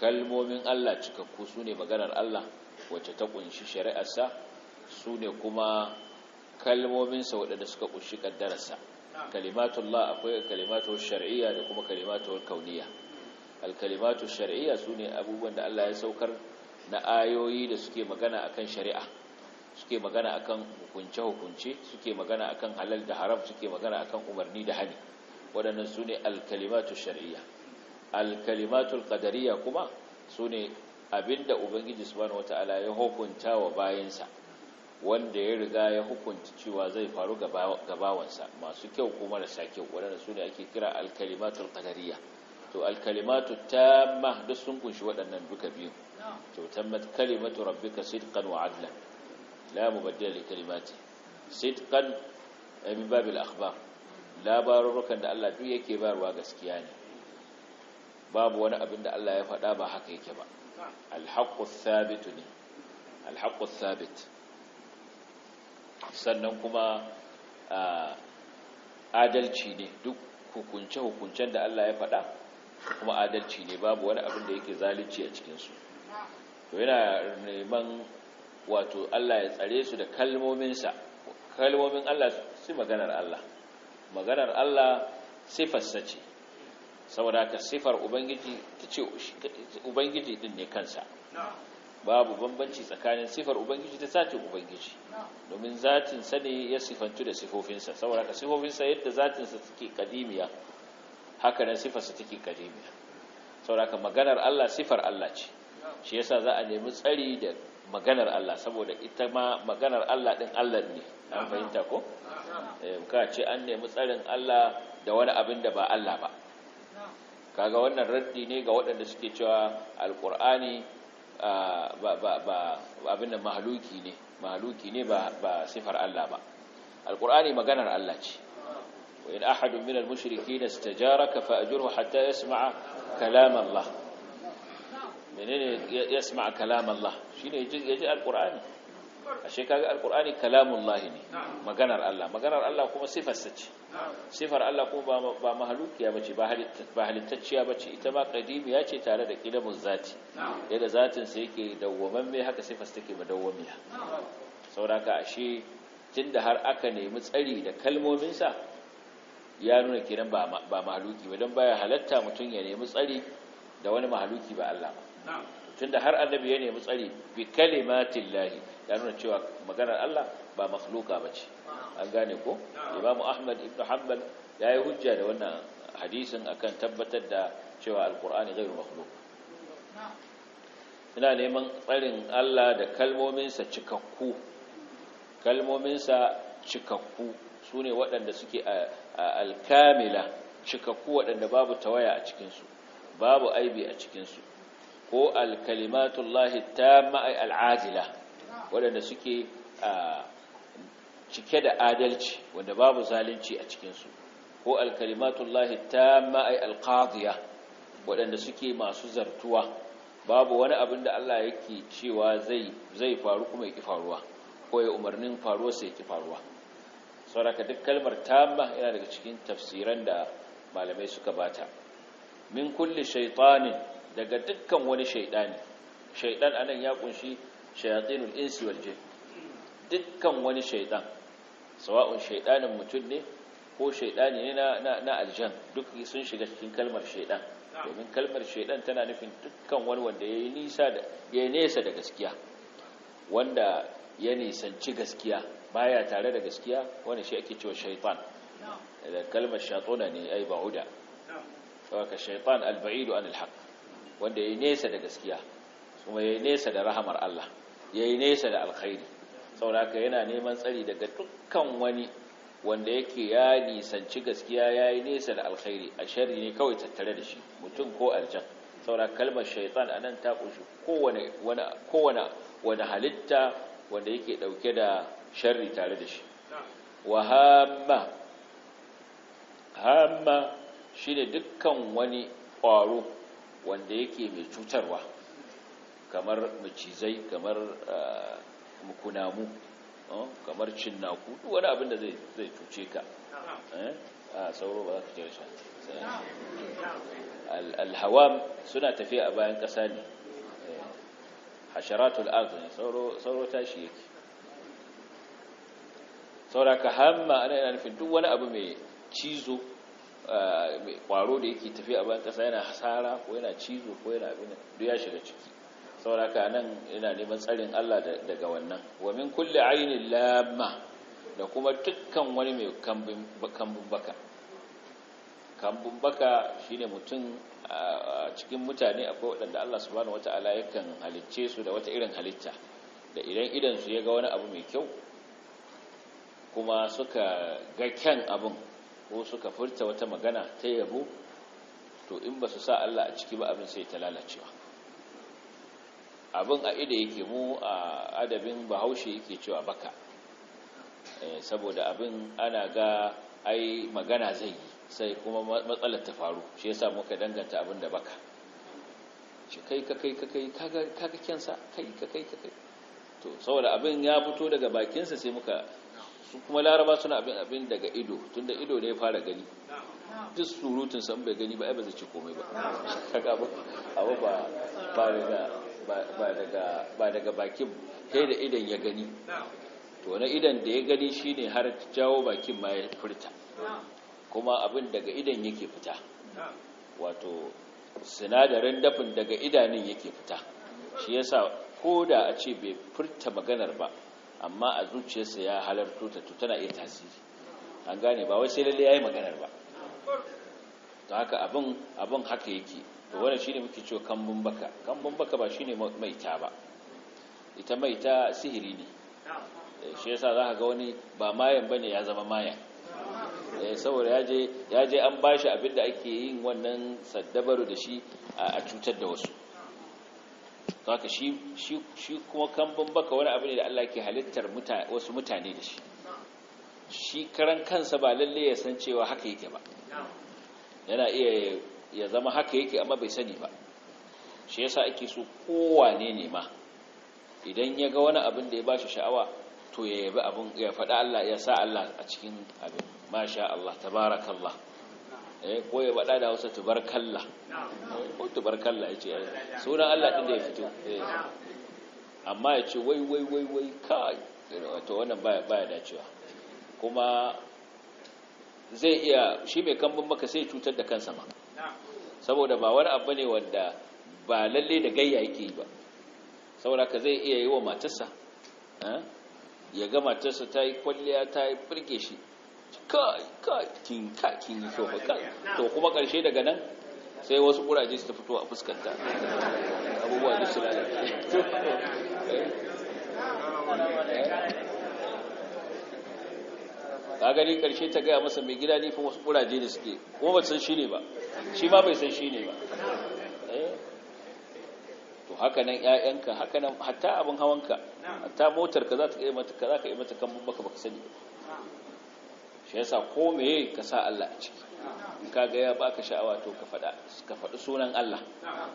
kalmomin Allah cikakku su ne maganar Allah wacce ta kunshi shari'arsa su ne kuma kalmominsa waɗanda suka kunshi kaddararsa kalimatullah akwai kalimatu shar'iyya da kuma kalimatu kauniyya alkalimatu shar'iyya ne abubuwan da Allah ya saukar na ayoyi da suke magana akan shari'a suke magana akan hukunce hukunce suke magana akan halal da haram suke magana akan umarni da hani waɗannan su ne alkalimatu shari'a alkalimatul ƙadariya kuma su ne abinda ubangiji subhanahu wataala ya hukunta wa bayansa wanda ya riga ya hukunta cewa zai faru gabawansa masu kyau ko marasa kyau waɗannan su ne ake kira alkalimatul ƙadariya to alkalimatu tamma duk sun kunshi waɗannan duka biyu to tammat kalimatu rabbika sidqan wa adlan لا مبدل li صدقا sidqan باب الاخبار لا labarurukan da Allah duk yake barwa gaskiya ne babu wani abin da Allah ya faɗa ba haka yake ba alhaqqu thabit ne alhaqqu thabit sannan kuma adalci ne duk hukunce hukuncen da Allah ya faɗa kuma adalci ne babu wani abin da yake zalunci a cikin su to yana neman wato Allah ya tsare su da kalmominsa kalmomin Allah su maganar Allah maganar Allah sifarsa ce saboda ka sifar ubangiji ta ce ubangiji din ne kansa babu bambanci tsakanin sifar ubangiji ta satin ubangiji domin zatinsa ne ya sifantu da sifofinsa saboda haka sifofinsa yadda zatinsa take kadimiya haka nan sifarsa take kadimiya saboda ka maganar Allah sifar Allah ce shi yasa za a nemi tsari da maganar Allah saboda ita ma maganar Allah ɗin Allah ne an fahimta ko eh, ka ce an nemi tsarin Allah da wani abin da ba Allah ba kaga wannan raddi ne ga waɗanda suke cewa alqur'ani ba abin da mahaluki ne ba sifar Allah ba alkurani maganar Allah ce wa in ahadun minal mushrikeena istajaraka fa ajurhu hatta yasma'a kalam Allah menene ya sama kalam Allah ne ya ji alqur'ani ashe kaga alqur'ani Lahi ne maganar Allah maganar Allah kuma sifarsa ce sifar Allah kuma ba mahalukiya bace ba halittacciya bace ita ma qadimiya ce tare da kidamun zati yadda zatin sa yake dawwamamme haka sifar take madawwamiya sauraka ashe tunda har aka nemi tsari da kalmomin sa ya nuna kiran ba mahaluki ba dan baya halatta mutum ya nemi tsari da wani mahaluki ba Allah ba tunda har annabi ya nemi tsari bi kalimatin lahi ya nuna cewa maganar Allah ba makhluka ba ce an gane ko imamu ahmad ibn hanbal ya yi hujja da wannan hadisin akan tabbatar da cewa alkur'ani zai makhluk ina neman tsarin Allah da kalmominsa cikakku kalmominsa cikakku su ne waɗanda suke a alkamila cikakku waɗanda babu tawaya a cikinsu babu aibi a cikinsu ko alkalimatullahi ma'ai al'adila waɗanda suke cike da adalci wanda babu zalunci a cikinsu ko alkalimatullahi ta ma'ai alqadiya waɗanda suke masu zartuwa babu wani abin da Allah yake cewa zai faru kuma yake faruwa ko ya umarnin faruwa sai yake faruwa sauraka duk kalmar tamma yana daga cikin tafsiran da malamai suka bata min kulli shaitanin. daga dukkan wani shaidani shaidan anan ya kunshi shayatinul insi wal jin dukkan wani shaidan sawa'un shaidanin mutum ne ko shaidani ne na na aljan duk sun shiga cikin kalmar shaidan domin kalmar shaidan tana nufin dukkan wani wanda yayi nisa da nesa da gaskiya wanda ya nisanci gaskiya baya tare da gaskiya wani shi ake cewa shaitan da kalmar shaitona ne ai ba'uda saboda shaitan al-ba'idu anil haqq wanda ya nesa da gaskiya kuma ya nesa da rahamar Allah ya yi nesa da alkhairi sauraka yana neman tsari daga dukkan wani wanda yake ya nisanci gaskiya ya yi nesa da alkhairi a shari ne kawai tattare da shi mutum ko aljan saura kalmar shaitan a nan ta ƙunshi kowane wani halitta wanda yake ɗauke da shari tare da shi wa hamma hamma shi dukkan wani ƙwaro wanda yake mai cutarwa kamar macizai kamar ah, mukunamu, oh, kamar cinnaku duk wani abin da zai cuce ka eh, a sauro ba za ka kira shi alhawam suna tafiya a bayan ƙasa ne eh, hasharatul arzi ne sauro tashi yake sauraka hamma ana yana nufin duk wani abu mai cizo Eh, kwaro da yake tafiya a bayan ƙasa yana hasara ko yana cizo ko yana abin duk ya shiga ciki sauraka nan yana neman tsarin Allah daga wannan wa min kulli ainin lamma da kuma dukkan wani mai kambun baka kambun baka shine mutum a cikin mutane akwai waɗanda Allah subhanahu wata'ala yakan halicce su da wata irin halitta da idan idan su ya ga wani abu mai kyau kuma suka ga kyan abin ko suka furta wata magana ta yabo to in ba su sa Allah a ciki ba abin sai ta lalacewa abin a ida yake mu a adabin bahaushe yake cewa baka eh, saboda abin ana ga ai magana zai yi sai kuma matsalar ta faru shi yasa muka danganta abin da baka shi kai ka kai ka kai kaga ga kensa kai ka kai ka kai to saboda abin ya fito daga bakinsa sai muka su kuma laraba suna abin daga ido tunda ido ne ya fara gani duk surutun san bai gani ba ai ba zai ci komai ba kaga ba abu ba ba daga ba ba daga bakin kai da idan ya gani to na idan da ya gani shine har jawo bakin ma ya furta kuma abin daga idan yake fita wato sinadarin dafin daga idanun yake fita shi yasa ko da a ce bai furta maganar ba amma a zuciyarsa ya halarto ta tana iya tasiri an gane ba wai sai lalle yayi maganar ba to haka abin abin haka yake to wannan shine muke cewa kambun baka kambun baka ba shine maita ba ita maita sihiri ne eh, shi yasa zaka ga wani ba mayan bane ya zama mayan eh, saboda ya je an bashi abin da ake yin wannan saddabaru da shi a cutar da wasu haka shi kuma kambun baka wani abu ne da Allah ke halittar wasu mutane da shi shi karan kansa ba lalle ya san cewa haka yake ba yana iya ya zama haka yake amma bai sani ba shi yasa ake so kowane ne ma idan ya ga wani abin da ya bashi sha'awa to ya yabi abin ya faɗa Allah ya sa Allah a cikin abin masha Allah tabarakallah Eh, ko ya bada da wasu tubarkalla ko tubarkalla ya ce eh, sunan Allah ɗin da ya fito eh, amma ya ce wai wai wai wai kai wato wannan baya dacewa kuma zai iya shi mai kambun maka sai cutar da kansa ma saboda ba wani abu ne wanda ba lalle da gayya yake yi ba saboda ka zai iya yi wa matarsa ya ga matarsa ta yi kwalliya ta yi birge shi kai kakin kin ka kin yi kyau kai to kuma karshe daga nan sai wasu kuraje su ta fito a fuskanta abubuwa da su lalace ka gani karshe ta gaya masa mai gida nifin wasu kuraje da suke kuma ba san shi ne ba shi ma bai san shi ne ba eh? to haka nan ƴaƴanka haka nan hatta abin hawanka hatta motarka za ta ka za ka yi mata kan baka baka sani ba shi yasa ko meye ka sa Allah a ciki in ka ga ya baka sha'awa to ka faɗa ka faɗi sunan Allah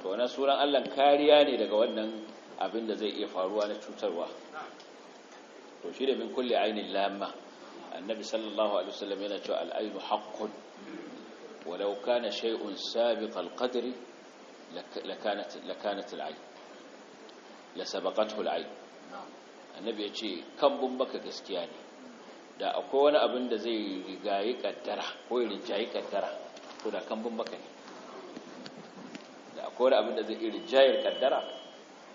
to wannan sunan Allah kariya ne daga wannan abin da zai iya faruwa na cutarwa to shi da min kulli ainin lamma annabi sallallahu alaihi wasallam yana cewa al-ainu haqqun walau kana shay'un sabiq al-qadri lakanat lakanat al-ain la sabaqathu al-ain annabi yace kan bun baka gaskiya ne da akwai wani abin da zai rigayi kaddara ko ya rinjayi kaddara to da kambun baka ne da akwai wani abin da zai rinjayar kaddara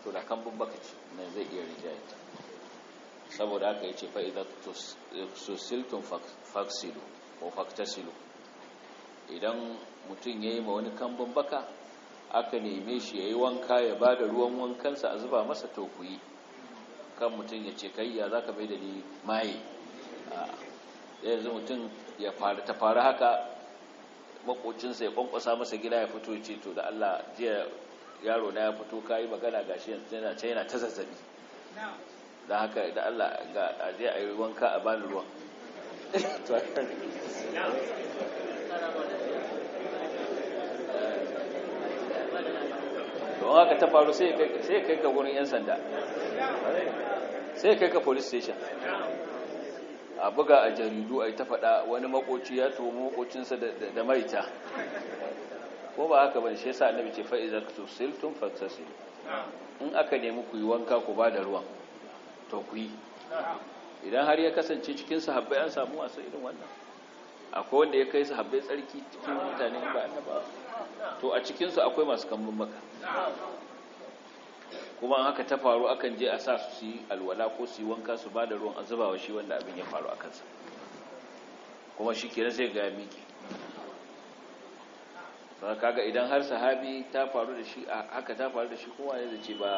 to da kambun baka ce ne zai iya rinjayar ta saboda haka yace fa idza tusiltum faksilo ko faktasilo idan mutum ya yi ma wani kambun baka aka neme shi ya yi wanka ya bada ruwan wankansa a zuba masa to ku yi kan mutum ya ce kayya za ka bai da ni maye yanzu mutum ya faru ta faru haka makocinsa ya kwankwasa masa gida ya fito ce to da Allah jiya yaro na ya fito ka yi magana ga shi yana can yana ta zazzabi da haka da Allah ga ajiya a yi wanka a bani ruwan don haka ta faru sai kai ka gurin 'yan sanda sai kai ka police station a buga a jaridu a yi ta faɗa wani makoci ya tuhu makocinsa da maita ko ba haka ban shi yasa annabi ce ka idza tusiltum fantasi in aka nemi ku yi wanka ku ba da ruwan to ku yi idan har ya kasance cikin sahabbai an samu wasu irin wannan akwai wanda ya kai sahabbai tsarki cikin mutane ba annaba to a cikin su akwai masu kambun maka kuma haka ta faru akan je a sa su su yi alwala ko su yi wanka su ba da ruwan a zuba wa shi wanda abin ya faru a kansa kuma shi kira zai ga miki sana kaga idan har sahabi ta faru da shi haka ta faru da shi kuma ne zai ce ba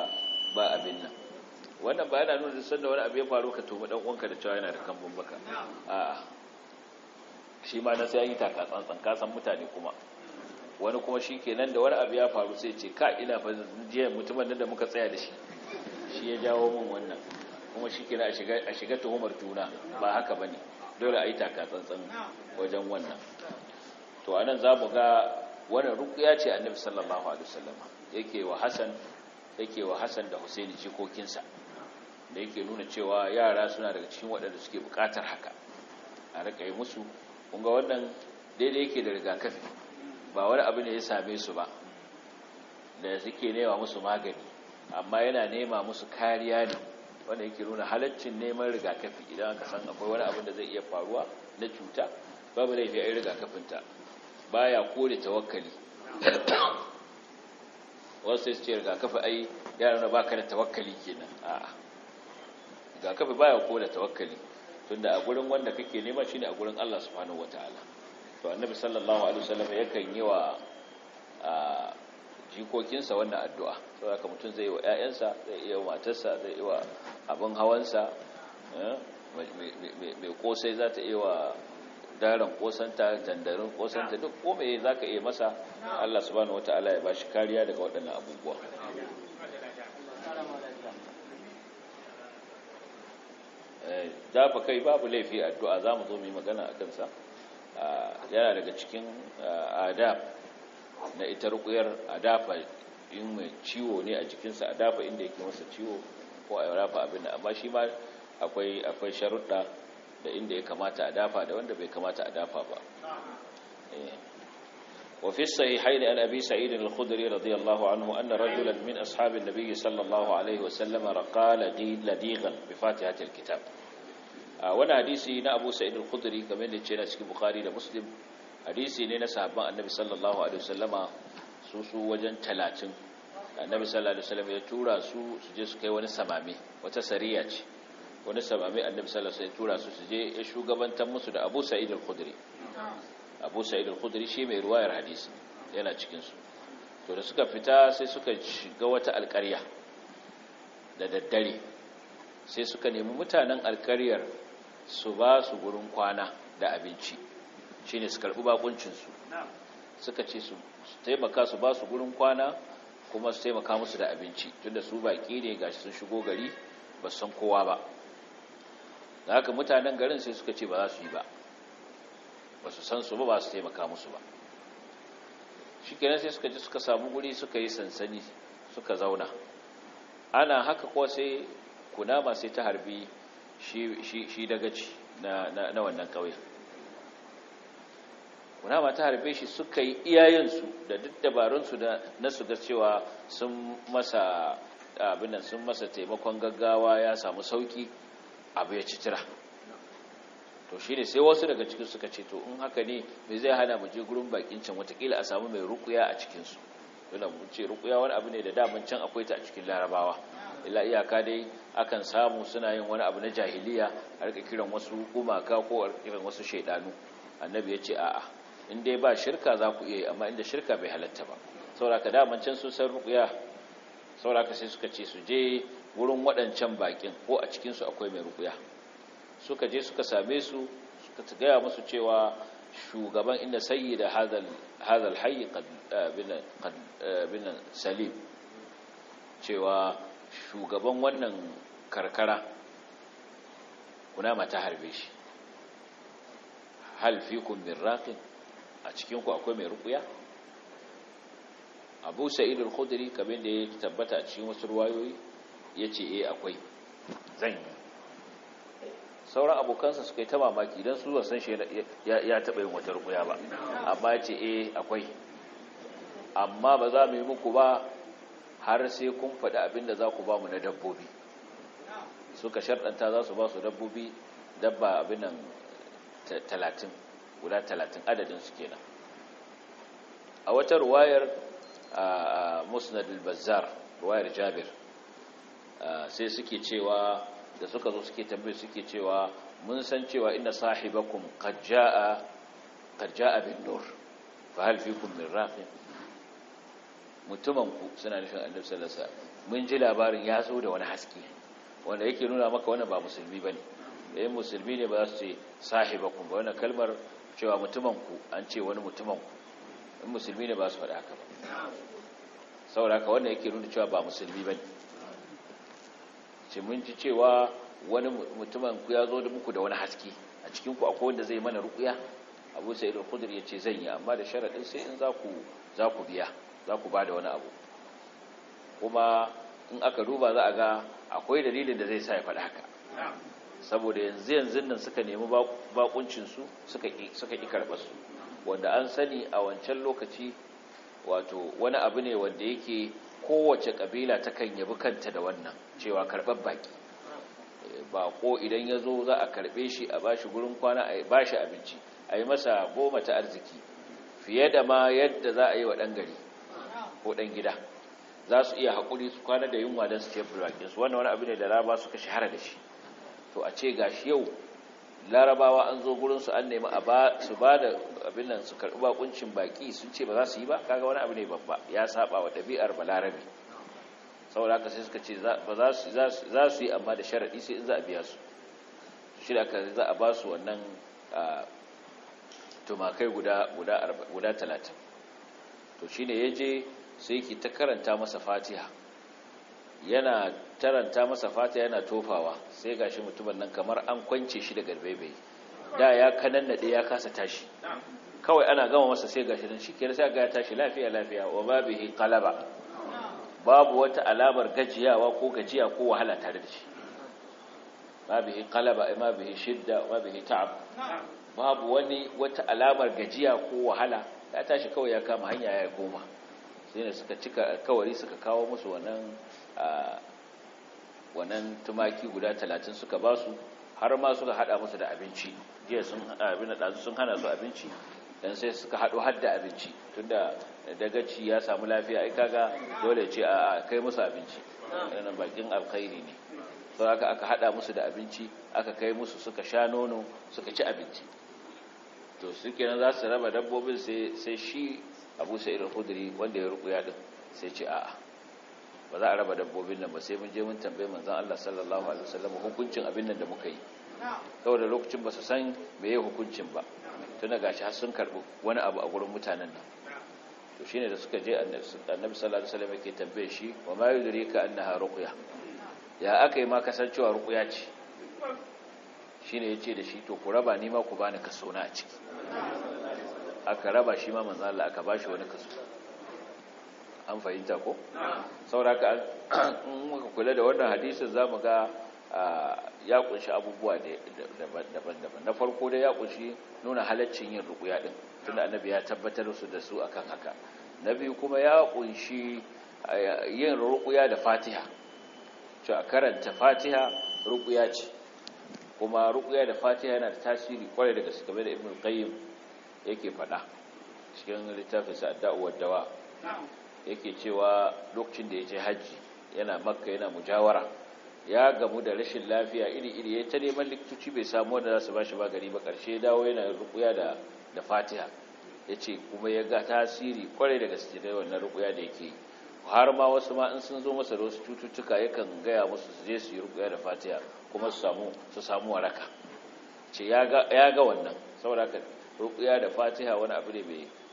abin nan wannan ba yana nuna da sanda wani abu ya faru ka tomi dan uwanka da cewa yana da kambun baka a'a shi ma na sai yi taka ka san mutane kuma wani kuma shi kenan da wani abu ya faru sai ce ka ina fa mutumin da muka tsaya da shi shi ya jawo min wannan kuma shi kenan a shiga tuhumar juna ba haka ba ne dole a yi takatsantsan wajen wannan to a nan za mu ga wannan rukuya ce annabi sallallahu alaihi wasallam yake wa hasan yake wa hasan da husaini jikokinsa da yake nuna cewa yara suna daga cikin waɗanda suke buƙatar haka a yi musu ga wannan daidai yake da rigakafi ba wani abu ne ya same su ba da suke nema musu magani amma yana nema musu kariya ne wanda yake nuna halaccin neman rigakafi idan aka san akwai wani abin da zai iya faruwa na cuta babu laifi a yi rigakafinta ya kore tawakkali wasu su ce rigakafi ai yaran ba baka da ke kenan a'a rigakafi ba ya kore tun tunda a gurin wanda kake nema shine a gurin Allah subhanahu wataala to annabi sallallahu alaihi wasallam yakan yi wa jikokinsa wannan addu'a saboda ka mutum zai yi wa ‘ya'yansa zai yi wa matarsa zai yi wa abin hawansa eh, mai kosai za ta yi wa daren kosanta dandarin kosanta duk kome za ka iya masa Allah subhanahu wa ta'ala ya ba shi kariya daga waɗannan abubuwa eh, dafa kai babu laifi addu'a zamu zo mu yi magana a kansa Ah, yana daga cikin ah, adab na ita rukuyar adafa in mai ciwo ne a jikinsa adafa inda yake masa ciwo ko a rafa abin da amma shi ma akwai sharuɗa da inda ya kamata a dafa da wanda bai kamata a dafa ba وفي الصحيحين عن أبي سعيد الخدري رضي الله عنه أن رجلا من أصحاب النبي صلى الله عليه وسلم رقى لديغا بفاتحة الكتاب wani hadisi na abu sa'id al game da ce na cikin bukhari da muslim hadisi ne na sahabban annabi sallallahu alaihi wasallama su su wajen talatin annabi sallallahu alaihi wasallam ya tura su su je su kai wani samame wata sariya ce wani samame annabi sallallahu alaihi wasallam ya tura su su je ya shugabantar musu da abu sa'id al abu sa'id al shi mai ruwayar hadisi yana cikin su to da suka fita sai suka shiga wata alƙarya da daddare sai suka nemi mutanen alƙaryar su ba su gurin kwana da abinci shi ne su karɓi bakuncinsu suka ce su taimaka su ba su gurin kwana kuma su taimaka musu da abinci da su baƙi ne shi sun shigo gari ba san kowa ba da haka mutanen garin sai suka ce ba za su yi ba ba su san su ba ba su taimaka musu ba shi kenan sai suka ce suka samu guri suka yi sansani suka zauna ana haka kuwa sai kunama sai ta harbi shi ci na wannan ƙauyen Kuna ta harbe shi suka yi iyayensu da duk dabarunsu na su ga cewa sun masa abinan sun masa taimakon gaggawa ya samu sauki abu ya citira to shi ne sai wasu daga cikin suka ce to in haka ne me zai hana mu je gurin bakin can watakila a samu mai rukuya a cikinsu yana mu ce rukuya wani abu ne da daman can akwai ta a cikin larabawa Illa iyaka dai akan samu suna yin wani abu na jahiliya a rika kiran wasu gumaka ko a kiran wasu shaidanu annabi ya ce a'a in dai ba shirka za ku iya yi amma inda shirka bai halatta ba sauraka daman can sun san rukuya sauraka sai suka ce su je wurin waɗancan bakin ko a cikinsu akwai mai rukuya suka je suka same su suka gaya musu cewa shugaban inda sayi da hazal hayi eh, binan eh, salim cewa shugaban wannan karkara kunama ta harbe shi hal fikum min raqin a cikin ku akwai mai rukuya Abu Sa'id al-Khudri kamar da ya tabbata a cikin wasu ruwayoyi yace eh akwai zan yi sauran abokansa suka yi ta mamaki don su san shi ya taɓa yin wata rukuya ba amma ce eh akwai amma ba za mu yi muku ba har sai kun faɗi abin da za ku ba mu na dabbobi suka sharɗanta za su ba su dabbobi dabba abin nan talatin guda talatin adadin su kenan a wata ruwayar musnad al-bazzar ruwayar jabir sai suke cewa da suka zo suke tambaye suke cewa mun san cewa inna sahibakum qad jaa qad jaa bin nur fa hal min raqib mutumanku suna nufin annabi sallallahu alaihi wasallam mun ji labarin ya zo da wani haske wanda yake nuna maka wannan ba musulmi bane eh musulmi ne ba za su ce sahibakum ba wannan kalmar cewa mutumin ku an ce wani mutumin ku in musulmi ne ba su faɗa haka ba saboda haka wannan yake nuna cewa ba musulmi bane ce mun ji cewa wani mutumin ku ya zo da muku da wani haske a cikin ku akwai wanda zai mana ruqya Abu Sa'id kudur ya ce zan yi amma da sharaɗin sai in za ku za ku biya za ku da wani abu kuma in aka duba za a ga akwai dalilin da zai sa ya faɗa haka saboda yanzu yanzu nan suka nemi bakuncinsu suka ƙi karɓarsu wanda an sani a wancan lokaci wato wani abu ne wanda yake kowace ƙabila ta kan yabi kanta da wannan cewa karɓar baƙi baƙo idan ya zo za a karɓe shi a ba gurin kwana a bashi abinci a yi masa goma ta arziki fiye da ma yadda za a yi wa ɗan gari ko ɗan gida za su iya haƙuri su kwana da yunwa don su tebbi da wannan wani abu ne da laraba suka shahara da shi to a ce gashi yau larabawa an zo gurinsu an nemi a su ba da abin nan su karɓi bakuncin baƙi sun ce ba za su yi ba kaga wani abu ne babba ya saba wa ɗabi'ar balarabe saboda haka sai suka ce za su yi amma da sharaɗi sai in za a biya su shi da aka za a ba su wannan tumakai guda talatin to shi ne ya je sai ke ta karanta masa fatiha yana taranta masa fatiha yana tofawa sai gashi mutumin nan kamar an kwance shi da garbebai da ya naɗe ya kasa tashi kawai ana gama masa sai gashi nan shikenan sai ga ya tashi lafiya lafiya wa babihi qalaba babu wata alamar gajiyawa ko gajiya ko wahala tare da shi babihi qalaba ma bihi shidda ma bihi ta'ab babu wani wata alamar gajiya ko wahala ya tashi kawai ya kama hanya ya koma ne suka cika alkawari suka kawo musu wannan wannan tumaki guda 30 suka ba su har ma suka hada musu da abinci jiya sun abin da sun hana su abinci dan sai suka hado har da abinci tunda dagaci ya samu lafiya ai kaga dole ce a kai musu abinci wannan bakin alkhairi ne to haka aka hada musu da abinci aka kai musu suka sha nono suka ci abinci to su kenan za su raba dabbobin sai shi abu sa'id al-khudri wanda ya rubuya din sai ce a'a ba za a raba dabbobin nan ba sai mun je mun tambaye manzon Allah sallallahu alaihi wasallam hukuncin abin nan da muka yi saboda lokacin ba su san meye hukuncin ba tunda gashi har sun karbi wani abu a gurin mutanen nan to shine da suka je annabi sallallahu alaihi wasallam yake tambaye shi wa ma yudrika annaha ruqya ya aka yi ma kasancewa ruqya ce shine yace da shi to ku raba ni ma ku bani kaso na a ciki aka raba shi ma manzan Allah aka bashi wani kaso an fahimta ko sauraka in muka kula da wannan hadisin zamu ga ya kunshi abubuwa daban-daban na farko dai ya kunshi nuna halaccin yin rukuya din tunda annabi ya tabbatar su da su akan haka na biyu kuma ya kunshi yin rukuya da fatiha cewa karanta fatiha rukuya ce kuma rukuya da fatiha yana da tasiri kwarai da gaske game da ibn qayyim yake faɗa cikin littafin sa'adawar dawa yake cewa lokacin da ya je hajji yana makka yana mujawara ya gamu da rashin lafiya iri-iri ya ta neman likitoci bai samu wanda za su ba shi magani gari ba karshe dawo yana rukuya da da fatiha ya ce kuma ya ga tasiri kwarai da gaske da wannan rukuya da yake har ma wasu ma in sun zo masa da wasu cututtuka yakan gaya musu su je su yi rukuya da fatiha kuma su samu su samu waraka ce ya ga wannan saboda haka rukuya da fatiha wani abu ne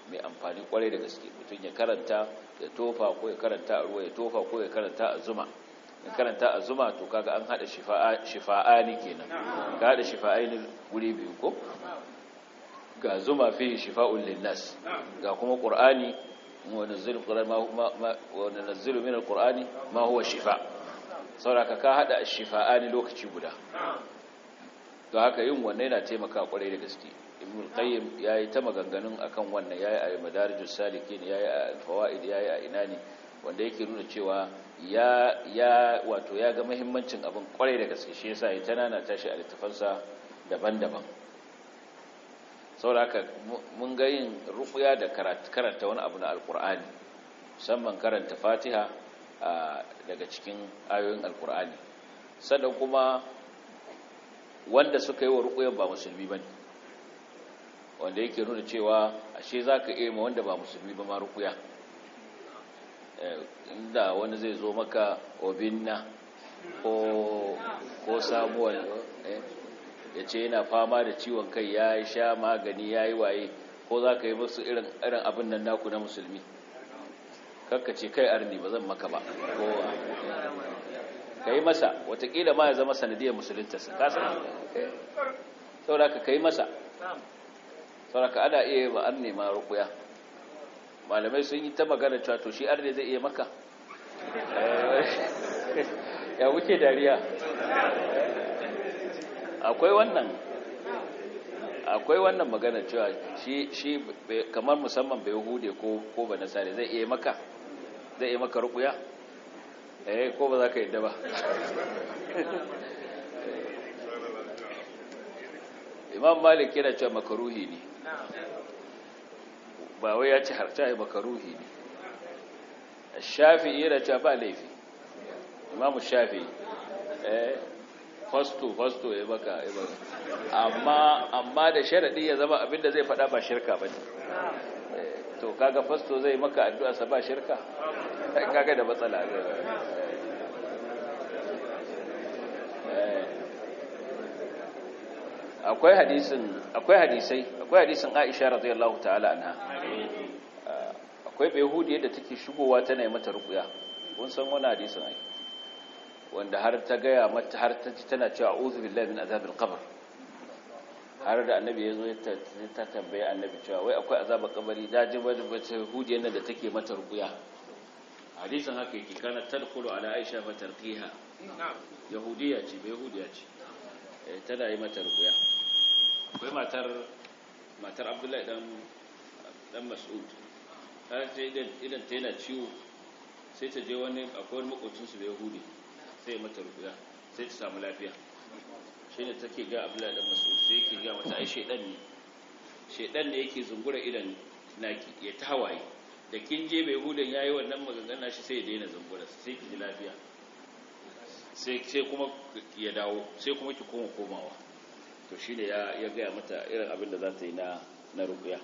mai amfani kwarai da gaske mutum ya karanta ya tofa ko ya karanta a ruwa ya tofa ko ya karanta a zuma in karanta a zuma to kaga an haɗa ne kenan ka haɗa ne guri biyu ko ga zuma fi shifa'un linnas ga kuma qur'ani wa nazzilu qur'ana wa nazzilu min alqur'ani ma huwa shifa saboda ka hada ne lokaci guda to haka yin wannan yana taimaka kwarai da gaske ibn al-qayyim yayi ta maganganun akan wannan yayi a madarijus salikin yayi a fawaid yayi a inani wanda yake nuna cewa ya ya wato ya ga muhimmancin abin kwarai da gaske shi yasa ya tanana tashi a littafansa daban-daban saboda mun ga yin ruqya da karanta wani abu na alqur'ani musamman karanta fatiha daga cikin ayoyin alqur'ani sannan kuma wanda suka yi wa ruqyar ba musulmi bane wanda yake nuna cewa ashe za ka iya wanda ba musulmi ba ma rukuya eh, inda wani zai zo maka obinna ko samuwar eh, ya ce yana fama da ciwon kai ya yi sha magani ya yi waye ko za ka yi musu irin abin nan naku na musulmi ce kai arni ba zan maka ba ko ka yi masa watakila ma ya zama sanadiyar musuluntarsa ka sanar eh, da ka yi masa sauraka ana iya yi an nema rukuya malamai sun yi ta magana cewa to shi arne zai iya maka eh, ya wuce dariya akwai wannan akwai wannan magana cewa shi kamar musamman bai hude ko ko ba nasare zai iya maka zai iya maka rukuya eh ko ba za ka yadda ba imam malik yana cewa makaruhi ne ba wai ya ce harta ya baka ruhi ne shafi'i da ta ba laifi imamu Shafi. eh fasto fasto ya baka ya baka amma amma da sharaɗi ya zama abinda zai fada ba shirka ba ne. Eh, to kaga fasto zai maka addu'a sa ba shirka kaga da matsala zai eh, eh. akwai hadisin akwai hadisai akwai hadisin Aisha radiyallahu ta'ala anha ah, akwai bayhudi da take shigowa tana yi mata rukuya kun san wani hadisin ai wanda har ta gaya mata har ta ci tana cewa a'udhu billahi min azabil qabr har da annabi ya zo ta tambaye annabi cewa wai akwai azabar kabari wani bace hudi nan da take mata rukuya hadisin haka yake kana tadkhulu ala aisha fa tarqiha yahudiya ce bayhudiya ce eh, tana yi mata rukuya akwai matar matar abdullahi dan mas'ud ta ta idan ta yana ciwo sai ta je wani akwai wani makocinsu da yahudi sai mata rubuya sai ta samu lafiya shi ne take ga abdullahi dan mas'ud sai yake ga mata ai shaidan ne shaidan ne yake zungura idan naki ya ta hawaye da kin je mai hudun yayi wannan maganganar shi sai ya daina zungura sai ki ji lafiya sai kuma ya dawo sai kuma ki koma komawa to shi ne ya gaya mata irin abin da za ta yi na rukuya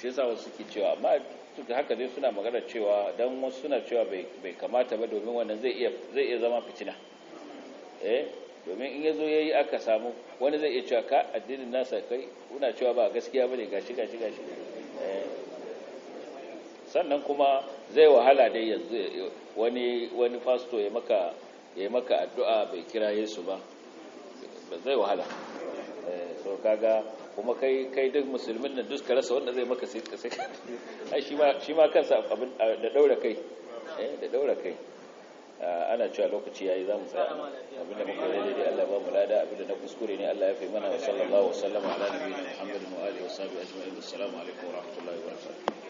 shi yasa wasu suke cewa amma duk da haka dai suna magana cewa don wasu suna cewa bai kamata ba domin wannan zai iya zama fitina eh domin in ya zo ya yi aka samu wani zai iya cewa ka addinin nasa kai kuna cewa ba gaskiya ba ne gashi gashi gashi eh. sannan kuma zai wahala dai yanzu wani wani fasto ya maka ya maka addu'a bai kira Yesu ba ba zai wahala eh, so kaga kuma kai kai duk musulmin nan duk rasa wanda zai maka sai ai shi ma shi ma kansa abin da daura kai eh da daura kai ana cewa lokaci yayi zamu tsaya abin da muka dai Allah ba mu lada abin da na kuskure ne Allah ya mana wa sallallahu wa sallama ala nabiyina Muhammadin wa alihi wa sahbihi ajma'in assalamu alaikum wa rahmatullahi wa barakatuh